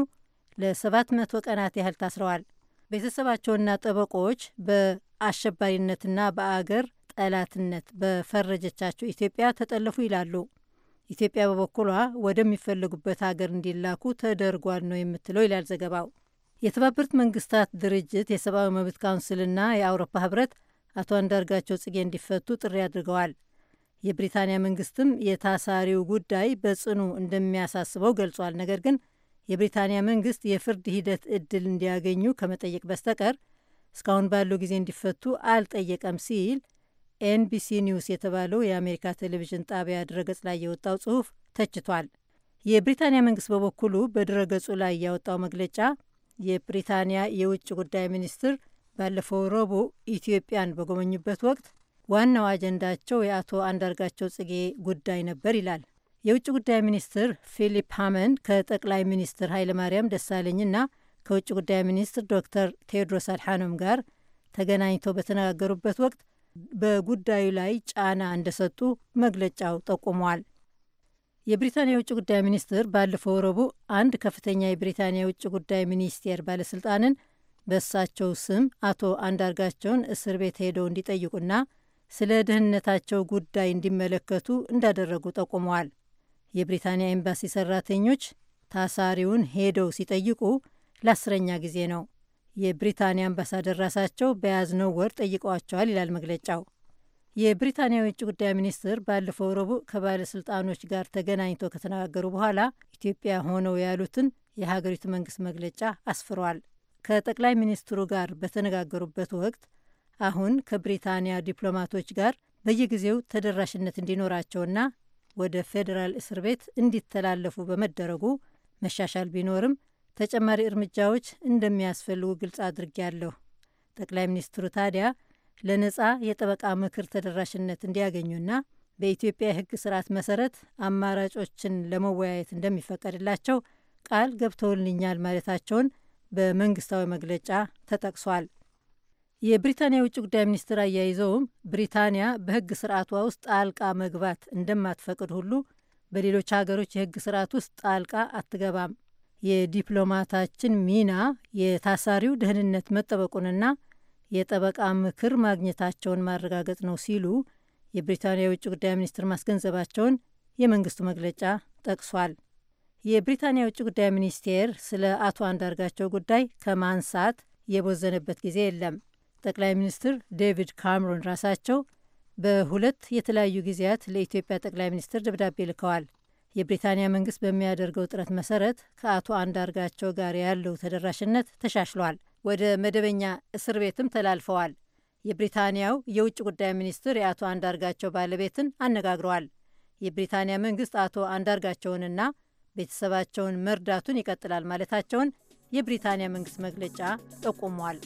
ለሰባት መቶ ቀናት ያህል ታስረዋል። ቤተሰባቸውና ጠበቆች በአሸባሪነትና በአገር ጠላትነት በፈረጀቻቸው ኢትዮጵያ ተጠለፉ ይላሉ። ኢትዮጵያ በበኩሏ ወደሚፈለጉበት ሀገር እንዲላኩ ተደርጓል ነው የምትለው ይላል ዘገባው። የተባበሩት መንግስታት ድርጅት የሰብአዊ መብት ካውንስልና የአውሮፓ ህብረት አቶ አንዳርጋቸው ጽጌ እንዲፈቱ ጥሪ አድርገዋል። የብሪታንያ መንግስትም የታሳሪው ጉዳይ በጽኑ እንደሚያሳስበው ገልጿል። ነገር ግን የብሪታንያ መንግስት የፍርድ ሂደት እድል እንዲያገኙ ከመጠየቅ በስተቀር እስካሁን ባለው ጊዜ እንዲፈቱ አልጠየቀም ሲል ኤንቢሲ ኒውስ የተባለው የአሜሪካ ቴሌቪዥን ጣቢያ ድረገጽ ላይ የወጣው ጽሑፍ ተችቷል። የብሪታንያ መንግስት በበኩሉ በድረገጹ ላይ ያወጣው መግለጫ የብሪታንያ የውጭ ጉዳይ ሚኒስትር ባለፈው ረቡዕ ኢትዮጵያን በጎበኙበት ወቅት ዋናው አጀንዳቸው የአቶ አንዳርጋቸው ጽጌ ጉዳይ ነበር ይላል። የውጭ ጉዳይ ሚኒስትር ፊሊፕ ሃመንድ ከጠቅላይ ሚኒስትር ኃይለማርያም ደሳለኝና ከውጭ ጉዳይ ሚኒስትር ዶክተር ቴዎድሮስ አድሓኖም ጋር ተገናኝተው በተነጋገሩበት ወቅት በጉዳዩ ላይ ጫና እንደሰጡ መግለጫው ጠቁሟል። የብሪታንያ የውጭ ጉዳይ ሚኒስትር ባለፈው ረቡዕ አንድ ከፍተኛ የብሪታንያ የውጭ ጉዳይ ሚኒስቴር ባለስልጣንን በእሳቸው ስም አቶ አንዳርጋቸውን እስር ቤት ሄደው እንዲጠይቁና ስለ ደህንነታቸው ጉዳይ እንዲመለከቱ እንዳደረጉ ጠቁመዋል። የብሪታንያ ኤምባሲ ሰራተኞች ታሳሪውን ሄደው ሲጠይቁ ለአስረኛ ጊዜ ነው። የብሪታንያ አምባሳደር ራሳቸው በያዝነው ወር ጠይቀዋቸዋል ይላል መግለጫው። የብሪታንያ የውጭ ጉዳይ ሚኒስትር ባለፈው ረቡዕ ከባለስልጣኖች ጋር ተገናኝተው ከተነጋገሩ በኋላ ኢትዮጵያ ሆነው ያሉትን የሀገሪቱ መንግስት መግለጫ አስፍሯል። ከጠቅላይ ሚኒስትሩ ጋር በተነጋገሩበት ወቅት አሁን ከብሪታንያ ዲፕሎማቶች ጋር በየጊዜው ተደራሽነት እንዲኖራቸውና ወደ ፌዴራል እስር ቤት እንዲተላለፉ በመደረጉ መሻሻል ቢኖርም ተጨማሪ እርምጃዎች እንደሚያስፈልጉ ግልጽ አድርጌያለሁ። ጠቅላይ ሚኒስትሩ ታዲያ ለነፃ የጠበቃ ምክር ተደራሽነት እንዲያገኙና በኢትዮጵያ የሕግ ስርዓት መሰረት አማራጮችን ለመወያየት እንደሚፈቀድላቸው ቃል ገብተውልኛል ማለታቸውን በመንግስታዊ መግለጫ ተጠቅሷል። የብሪታንያ የውጭ ጉዳይ ሚኒስትር አያይዘውም ብሪታንያ በህግ ስርዓቷ ውስጥ ጣልቃ መግባት እንደማትፈቅድ ሁሉ በሌሎች ሀገሮች የህግ ስርዓት ውስጥ ጣልቃ አትገባም። የዲፕሎማታችን ሚና የታሳሪው ደህንነት መጠበቁንና የጠበቃ ምክር ማግኘታቸውን ማረጋገጥ ነው ሲሉ የብሪታንያ የውጭ ጉዳይ ሚኒስትር ማስገንዘባቸውን የመንግስቱ መግለጫ ጠቅሷል። የብሪታንያ የውጭ ጉዳይ ሚኒስቴር ስለ አቶ አንዳርጋቸው ጉዳይ ከማንሳት የቦዘነበት ጊዜ የለም። ጠቅላይ ሚኒስትር ዴቪድ ካምሮን ራሳቸው በሁለት የተለያዩ ጊዜያት ለኢትዮጵያ ጠቅላይ ሚኒስትር ደብዳቤ ልከዋል። የብሪታንያ መንግስት በሚያደርገው ጥረት መሰረት ከአቶ አንዳርጋቸው ጋር ያለው ተደራሽነት ተሻሽሏል፣ ወደ መደበኛ እስር ቤትም ተላልፈዋል። የብሪታንያው የውጭ ጉዳይ ሚኒስትር የአቶ አንዳርጋቸው ባለቤትን አነጋግረዋል። የብሪታንያ መንግስት አቶ አንዳርጋቸውንና ቤተሰባቸውን መርዳቱን ይቀጥላል ማለታቸውን የብሪታንያ መንግስት መግለጫ ጠቁሟል።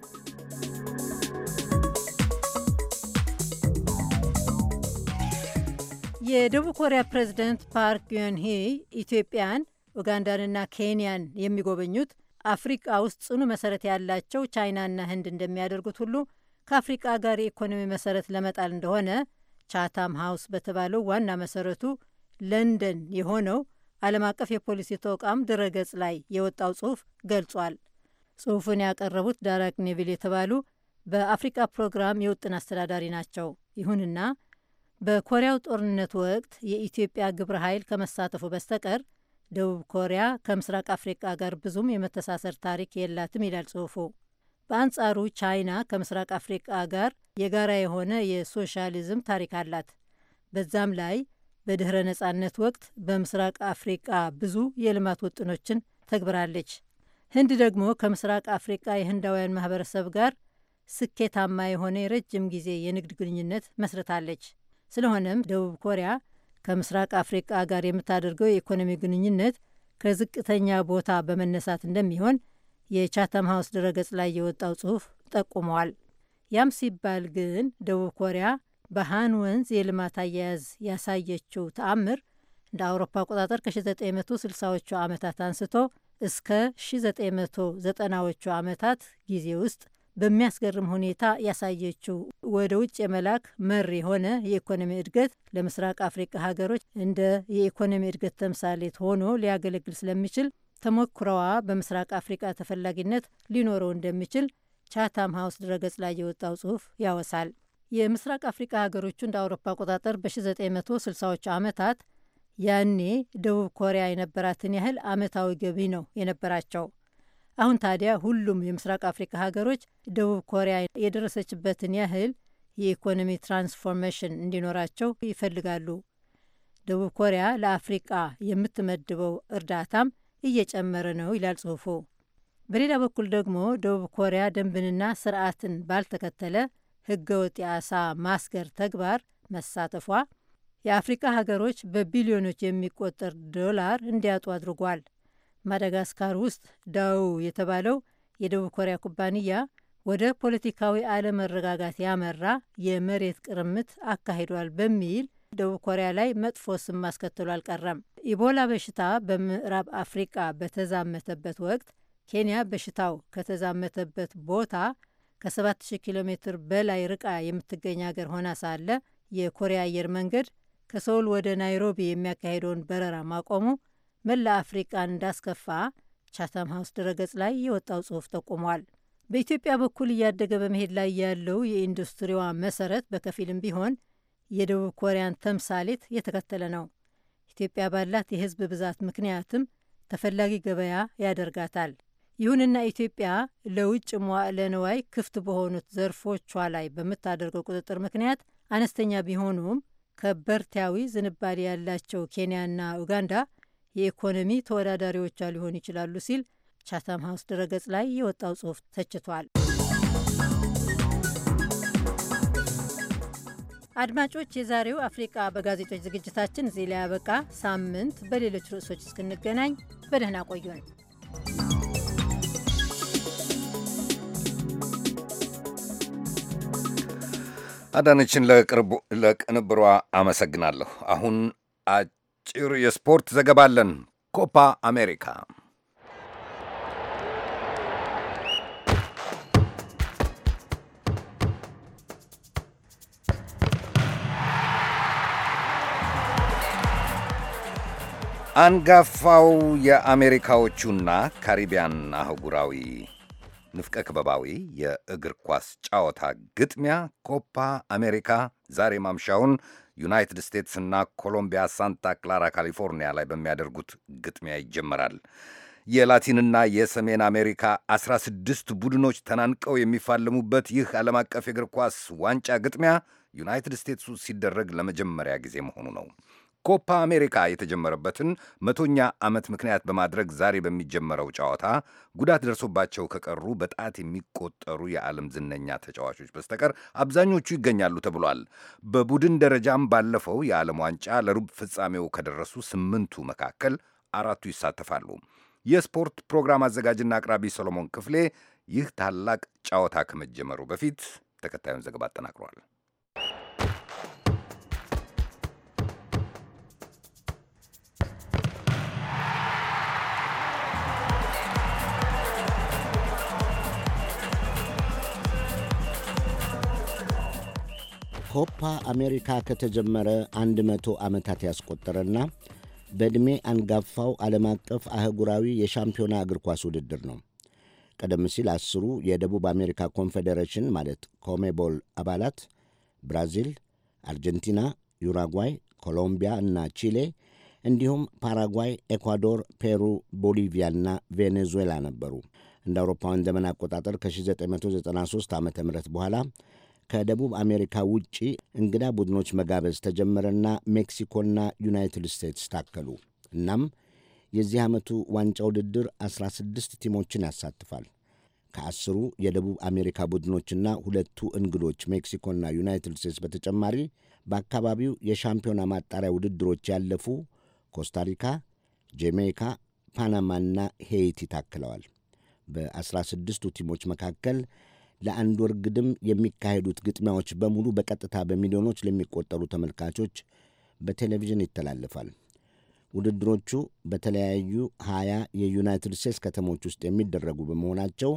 የደቡብ ኮሪያ ፕሬዚደንት ፓርክ ዮንሄ ኢትዮጵያን፣ ኡጋንዳንና ኬንያን የሚጎበኙት አፍሪቃ ውስጥ ጽኑ መሰረት ያላቸው ቻይናና ህንድ እንደሚያደርጉት ሁሉ ከአፍሪቃ ጋር የኢኮኖሚ መሰረት ለመጣል እንደሆነ ቻታም ሀውስ በተባለው ዋና መሰረቱ ለንደን የሆነው ዓለም አቀፍ የፖሊሲ ተቋም ድረገጽ ላይ የወጣው ጽሑፍ ገልጿል። ጽሑፉን ያቀረቡት ዳራክ ኔቪል የተባሉ በአፍሪቃ ፕሮግራም የውጥን አስተዳዳሪ ናቸው። ይሁንና በኮሪያው ጦርነት ወቅት የኢትዮጵያ ግብረ ኃይል ከመሳተፉ በስተቀር ደቡብ ኮሪያ ከምስራቅ አፍሪቃ ጋር ብዙም የመተሳሰር ታሪክ የላትም ይላል ጽሑፉ። በአንጻሩ ቻይና ከምስራቅ አፍሪቃ ጋር የጋራ የሆነ የሶሻሊዝም ታሪክ አላት። በዛም ላይ በድኅረ ነጻነት ወቅት በምስራቅ አፍሪቃ ብዙ የልማት ውጥኖችን ተግብራለች። ህንድ ደግሞ ከምስራቅ አፍሪቃ የህንዳውያን ማህበረሰብ ጋር ስኬታማ የሆነ የረጅም ጊዜ የንግድ ግንኙነት መስርታለች። ስለሆነም ደቡብ ኮሪያ ከምስራቅ አፍሪቃ ጋር የምታደርገው የኢኮኖሚ ግንኙነት ከዝቅተኛ ቦታ በመነሳት እንደሚሆን የቻተም ሀውስ ድረገጽ ላይ የወጣው ጽሑፍ ጠቁመዋል። ያም ሲባል ግን ደቡብ ኮሪያ በሃን ወንዝ የልማት አያያዝ ያሳየችው ተአምር እንደ አውሮፓ አቆጣጠር ከ1960ዎቹ ዓመታት አንስቶ እስከ 1990ዎቹ ዓመታት ጊዜ ውስጥ በሚያስገርም ሁኔታ ያሳየችው ወደ ውጭ የመላክ መር የሆነ የኢኮኖሚ እድገት ለምስራቅ አፍሪካ ሀገሮች እንደ የኢኮኖሚ እድገት ተምሳሌት ሆኖ ሊያገለግል ስለሚችል ተሞክሮዋ በምስራቅ አፍሪካ ተፈላጊነት ሊኖረው እንደሚችል ቻታም ሀውስ ድረገጽ ላይ የወጣው ጽሁፍ ያወሳል። የምስራቅ አፍሪካ ሀገሮቹ እንደ አውሮፓ አቆጣጠር በ1960ዎቹ ዓመታት ያኔ ደቡብ ኮሪያ የነበራትን ያህል አመታዊ ገቢ ነው የነበራቸው። አሁን ታዲያ ሁሉም የምስራቅ አፍሪካ ሀገሮች ደቡብ ኮሪያ የደረሰችበትን ያህል የኢኮኖሚ ትራንስፎርሜሽን እንዲኖራቸው ይፈልጋሉ። ደቡብ ኮሪያ ለአፍሪቃ የምትመድበው እርዳታም እየጨመረ ነው ይላል ጽሁፉ። በሌላ በኩል ደግሞ ደቡብ ኮሪያ ደንብንና ስርዓትን ባልተከተለ ህገወጥ የአሳ ማስገር ተግባር መሳተፏ የአፍሪካ ሀገሮች በቢሊዮኖች የሚቆጠር ዶላር እንዲያጡ አድርጓል። ማዳጋስካር ውስጥ ዳው የተባለው የደቡብ ኮሪያ ኩባንያ ወደ ፖለቲካዊ አለመረጋጋት ያመራ የመሬት ቅርምት አካሂዷል በሚል ደቡብ ኮሪያ ላይ መጥፎ ስም ማስከተሉ አልቀረም። ኢቦላ በሽታ በምዕራብ አፍሪቃ በተዛመተበት ወቅት ኬንያ በሽታው ከተዛመተበት ቦታ ከ7000 ኪሎ ሜትር በላይ ርቃ የምትገኝ ሀገር ሆና ሳለ የኮሪያ አየር መንገድ ከሰውል ወደ ናይሮቢ የሚያካሂደውን በረራ ማቆሙ መላ አፍሪቃን እንዳስከፋ ቻታም ሀውስ ድረገጽ ላይ የወጣው ጽሑፍ ጠቁሟል። በኢትዮጵያ በኩል እያደገ በመሄድ ላይ ያለው የኢንዱስትሪዋ መሰረት በከፊልም ቢሆን የደቡብ ኮሪያን ተምሳሌት የተከተለ ነው። ኢትዮጵያ ባላት የህዝብ ብዛት ምክንያትም ተፈላጊ ገበያ ያደርጋታል። ይሁንና ኢትዮጵያ ለውጭ መዋዕለ ንዋይ ክፍት በሆኑት ዘርፎቿ ላይ በምታደርገው ቁጥጥር ምክንያት አነስተኛ ቢሆኑም ከበርቲያዊ ዝንባሌ ያላቸው ኬንያና ኡጋንዳ የኢኮኖሚ ተወዳዳሪዎቿ ሊሆኑ ይችላሉ ሲል ቻታም ሀውስ ድረገጽ ላይ የወጣው ጽሑፍ ተችቷል። አድማጮች፣ የዛሬው አፍሪቃ በጋዜጦች ዝግጅታችን እዚህ ላይ ያበቃ። ሳምንት በሌሎች ርዕሶች እስክንገናኝ በደህና ቆዩን። አዳነችን ለቅንብሯ አመሰግናለሁ። አሁን አጭር የስፖርት ዘገባለን። ኮፓ አሜሪካ አንጋፋው የአሜሪካዎቹና ካሪቢያን አህጉራዊ ንፍቀ ክበባዊ የእግር ኳስ ጨዋታ ግጥሚያ ኮፓ አሜሪካ ዛሬ ማምሻውን ዩናይትድ ስቴትስና ኮሎምቢያ ሳንታ ክላራ ካሊፎርኒያ ላይ በሚያደርጉት ግጥሚያ ይጀመራል። የላቲንና የሰሜን አሜሪካ 16 ቡድኖች ተናንቀው የሚፋለሙበት ይህ ዓለም አቀፍ የእግር ኳስ ዋንጫ ግጥሚያ ዩናይትድ ስቴትስ ሲደረግ ለመጀመሪያ ጊዜ መሆኑ ነው። ኮፓ አሜሪካ የተጀመረበትን መቶኛ ዓመት ምክንያት በማድረግ ዛሬ በሚጀመረው ጨዋታ ጉዳት ደርሶባቸው ከቀሩ በጣት የሚቆጠሩ የዓለም ዝነኛ ተጫዋቾች በስተቀር አብዛኞቹ ይገኛሉ ተብሏል። በቡድን ደረጃም ባለፈው የዓለም ዋንጫ ለሩብ ፍጻሜው ከደረሱ ስምንቱ መካከል አራቱ ይሳተፋሉ። የስፖርት ፕሮግራም አዘጋጅና አቅራቢ ሰሎሞን ክፍሌ ይህ ታላቅ ጨዋታ ከመጀመሩ በፊት ተከታዩን ዘገባ አጠናቅሯል። ሆፓ አሜሪካ ከተጀመረ 100 ዓመታት ያስቆጠረና በዕድሜ አንጋፋው ዓለም አቀፍ አህጉራዊ የሻምፒዮና እግር ኳስ ውድድር ነው። ቀደም ሲል አስሩ የደቡብ አሜሪካ ኮንፌዴሬሽን ማለት ኮሜቦል አባላት ብራዚል፣ አርጀንቲና፣ ዩራጓይ፣ ኮሎምቢያ እና ቺሌ እንዲሁም ፓራጓይ፣ ኤኳዶር፣ ፔሩ፣ ቦሊቪያ እና ቬኔዙዌላ ነበሩ። እንደ አውሮፓውያን ዘመን አቆጣጠር ከ1993 ዓ ም በኋላ ከደቡብ አሜሪካ ውጪ እንግዳ ቡድኖች መጋበዝ ተጀመረና ሜክሲኮና ዩናይትድ ስቴትስ ታከሉ። እናም የዚህ ዓመቱ ዋንጫ ውድድር 16 ቲሞችን ያሳትፋል። ከአስሩ የደቡብ አሜሪካ ቡድኖችና ሁለቱ እንግዶች ሜክሲኮና ዩናይትድ ስቴትስ በተጨማሪ በአካባቢው የሻምፒዮና ማጣሪያ ውድድሮች ያለፉ ኮስታሪካ፣ ጄሜይካ፣ ፓናማና ሄይቲ ታክለዋል። በ16ቱ ቲሞች መካከል ለአንድ ወር ግድም የሚካሄዱት ግጥሚያዎች በሙሉ በቀጥታ በሚሊዮኖች ለሚቆጠሩ ተመልካቾች በቴሌቪዥን ይተላለፋል። ውድድሮቹ በተለያዩ ሀያ የዩናይትድ ስቴትስ ከተሞች ውስጥ የሚደረጉ በመሆናቸው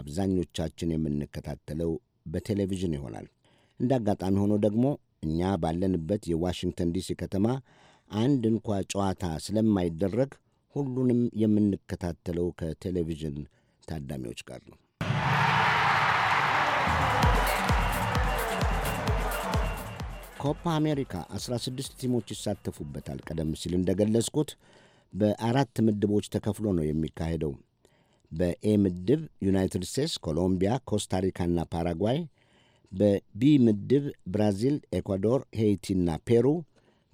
አብዛኞቻችን የምንከታተለው በቴሌቪዥን ይሆናል። እንደ አጋጣሚ ሆኖ ደግሞ እኛ ባለንበት የዋሽንግተን ዲሲ ከተማ አንድ እንኳ ጨዋታ ስለማይደረግ ሁሉንም የምንከታተለው ከቴሌቪዥን ታዳሚዎች ጋር ነው። ኮፓ አሜሪካ 16 ቲሞች ይሳተፉበታል። ቀደም ሲል እንደገለጽኩት በአራት ምድቦች ተከፍሎ ነው የሚካሄደው። በኤ ምድብ ዩናይትድ ስቴትስ፣ ኮሎምቢያ፣ ኮስታሪካና ፓራጓይ፣ በቢ ምድብ ብራዚል፣ ኤኳዶር፣ ሄይቲና ፔሩ፣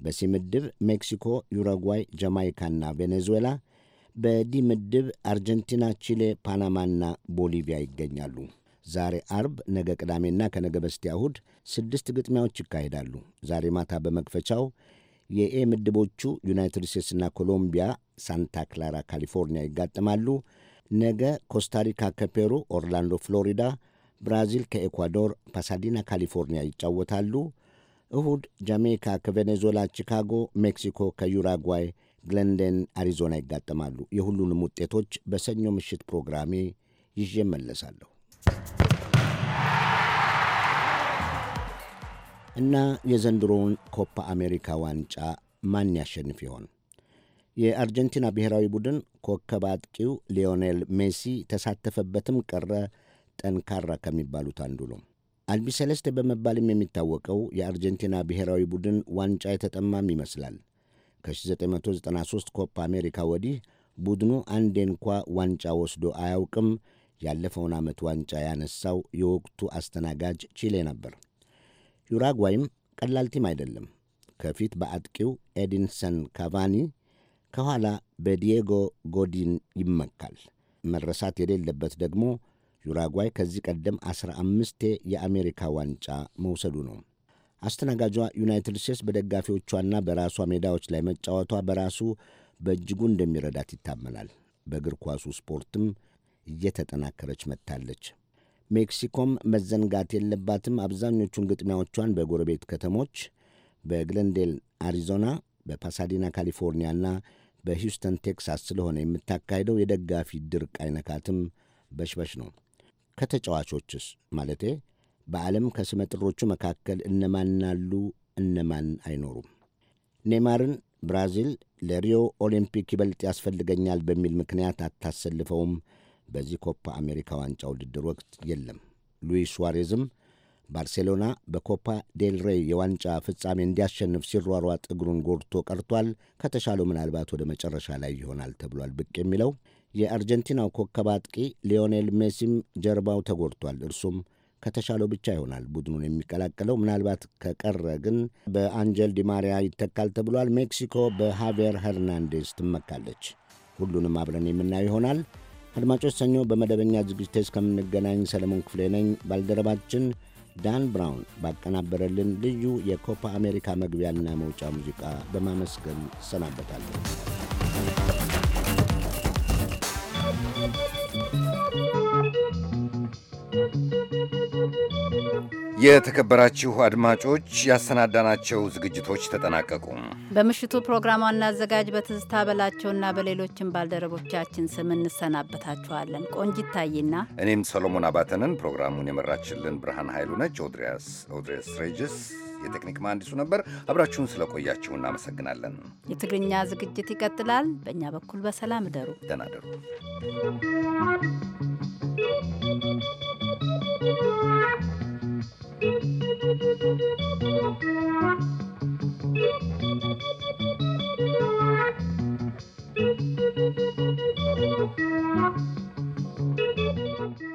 በሲ ምድብ ሜክሲኮ፣ ዩሩጓይ፣ ጃማይካና ቬኔዙዌላ፣ በዲ ምድብ አርጀንቲና፣ ቺሌ፣ ፓናማና ቦሊቪያ ይገኛሉ። ዛሬ አርብ፣ ነገ ቅዳሜና ከነገ በስቲያ እሁድ ስድስት ግጥሚያዎች ይካሄዳሉ። ዛሬ ማታ በመክፈቻው የኤ ምድቦቹ ዩናይትድ ስቴትስና ኮሎምቢያ ሳንታ ክላራ ካሊፎርኒያ ይጋጠማሉ። ነገ ኮስታሪካ ከፔሩ ኦርላንዶ ፍሎሪዳ፣ ብራዚል ከኤኳዶር ፓሳዲና ካሊፎርኒያ ይጫወታሉ። እሁድ ጃሜይካ ከቬኔዙዌላ ቺካጎ፣ ሜክሲኮ ከዩራጓይ ግለንደን አሪዞና ይጋጠማሉ። የሁሉንም ውጤቶች በሰኞ ምሽት ፕሮግራሜ ይዤ እመለሳለሁ። እና የዘንድሮውን ኮፓ አሜሪካ ዋንጫ ማን ያሸንፍ ይሆን? የአርጀንቲና ብሔራዊ ቡድን ኮከብ አጥቂው ሊዮኔል ሜሲ ተሳተፈበትም ቀረ ጠንካራ ከሚባሉት አንዱ ነው። አልቢሰለስቴ በመባልም የሚታወቀው የአርጀንቲና ብሔራዊ ቡድን ዋንጫ የተጠማም ይመስላል። ከ1993 ኮፓ አሜሪካ ወዲህ ቡድኑ አንዴ እንኳ ዋንጫ ወስዶ አያውቅም። ያለፈውን ዓመት ዋንጫ ያነሳው የወቅቱ አስተናጋጅ ቺሌ ነበር። ዩራጓይም ቀላል ቲም አይደለም። ከፊት በአጥቂው ኤዲንሰን ካቫኒ፣ ከኋላ በዲየጎ ጎዲን ይመካል። መረሳት የሌለበት ደግሞ ዩራጓይ ከዚህ ቀደም አስራ አምስቴ የአሜሪካ ዋንጫ መውሰዱ ነው። አስተናጋጇ ዩናይትድ ስቴትስ በደጋፊዎቿና በራሷ ሜዳዎች ላይ መጫወቷ በራሱ በእጅጉ እንደሚረዳት ይታመናል። በእግር ኳሱ ስፖርትም እየተጠናከረች መጥታለች። ሜክሲኮም መዘንጋት የለባትም። አብዛኞቹን ግጥሚያዎቿን በጎረቤት ከተሞች በግለንዴል አሪዞና፣ በፓሳዲና ካሊፎርኒያና በሂውስተን ቴክሳስ ስለሆነ የምታካሂደው የደጋፊ ድርቅ አይነካትም በሽበሽ ነው። ከተጫዋቾችስ ማለቴ በዓለም ከስመጥሮቹ መካከል እነማን እነማን አይኖሩም? ኔይማርን ብራዚል ለሪዮ ኦሊምፒክ ይበልጥ ያስፈልገኛል በሚል ምክንያት አታሰልፈውም በዚህ ኮፓ አሜሪካ ዋንጫ ውድድር ወቅት የለም። ሉዊስ ሱዋሬዝም ባርሴሎና በኮፓ ዴል ሬይ የዋንጫ ፍጻሜ እንዲያሸንፍ ሲሯሯጥ እግሩን ጎድቶ ቀርቷል። ከተሻለው ምናልባት ወደ መጨረሻ ላይ ይሆናል ተብሏል ብቅ የሚለው የአርጀንቲናው ኮከብ አጥቂ ሊዮኔል ሜሲም ጀርባው ተጎድቷል። እርሱም ከተሻለው ብቻ ይሆናል ቡድኑን የሚቀላቀለው። ምናልባት ከቀረ ግን በአንጀል ዲማሪያ ይተካል ተብሏል። ሜክሲኮ በሃቬር ሄርናንዴዝ ትመካለች። ሁሉንም አብረን የምናየው ይሆናል። አድማጮች፣ ሰኞ በመደበኛ ዝግጅት እስከምንገናኝ ሰለሞን ክፍሌ ነኝ። ባልደረባችን ዳን ብራውን ባቀናበረልን ልዩ የኮፓ አሜሪካ መግቢያና መውጫ ሙዚቃ በማመስገን እሰናበታለሁ። የተከበራችሁ አድማጮች ያሰናዳናቸው ዝግጅቶች ተጠናቀቁ። በምሽቱ ዋና አዘጋጅ በትዝታ በላቸውና በሌሎችም ባልደረቦቻችን ስም እንሰናበታችኋለን። ቆንጂት ታይና እኔም ሰሎሞን አባተንን፣ ፕሮግራሙን የመራችልን ብርሃን ኃይሉ ነች። ኦድሪያስ ሬጅስ የቴክኒክ መሐንዲሱ ነበር። አብራችሁን ስለቆያችሁ እናመሰግናለን። የትግርኛ ዝግጅት ይቀጥላል። በእኛ በኩል በሰላም እደሩ፣ ደህና እደሩ። world.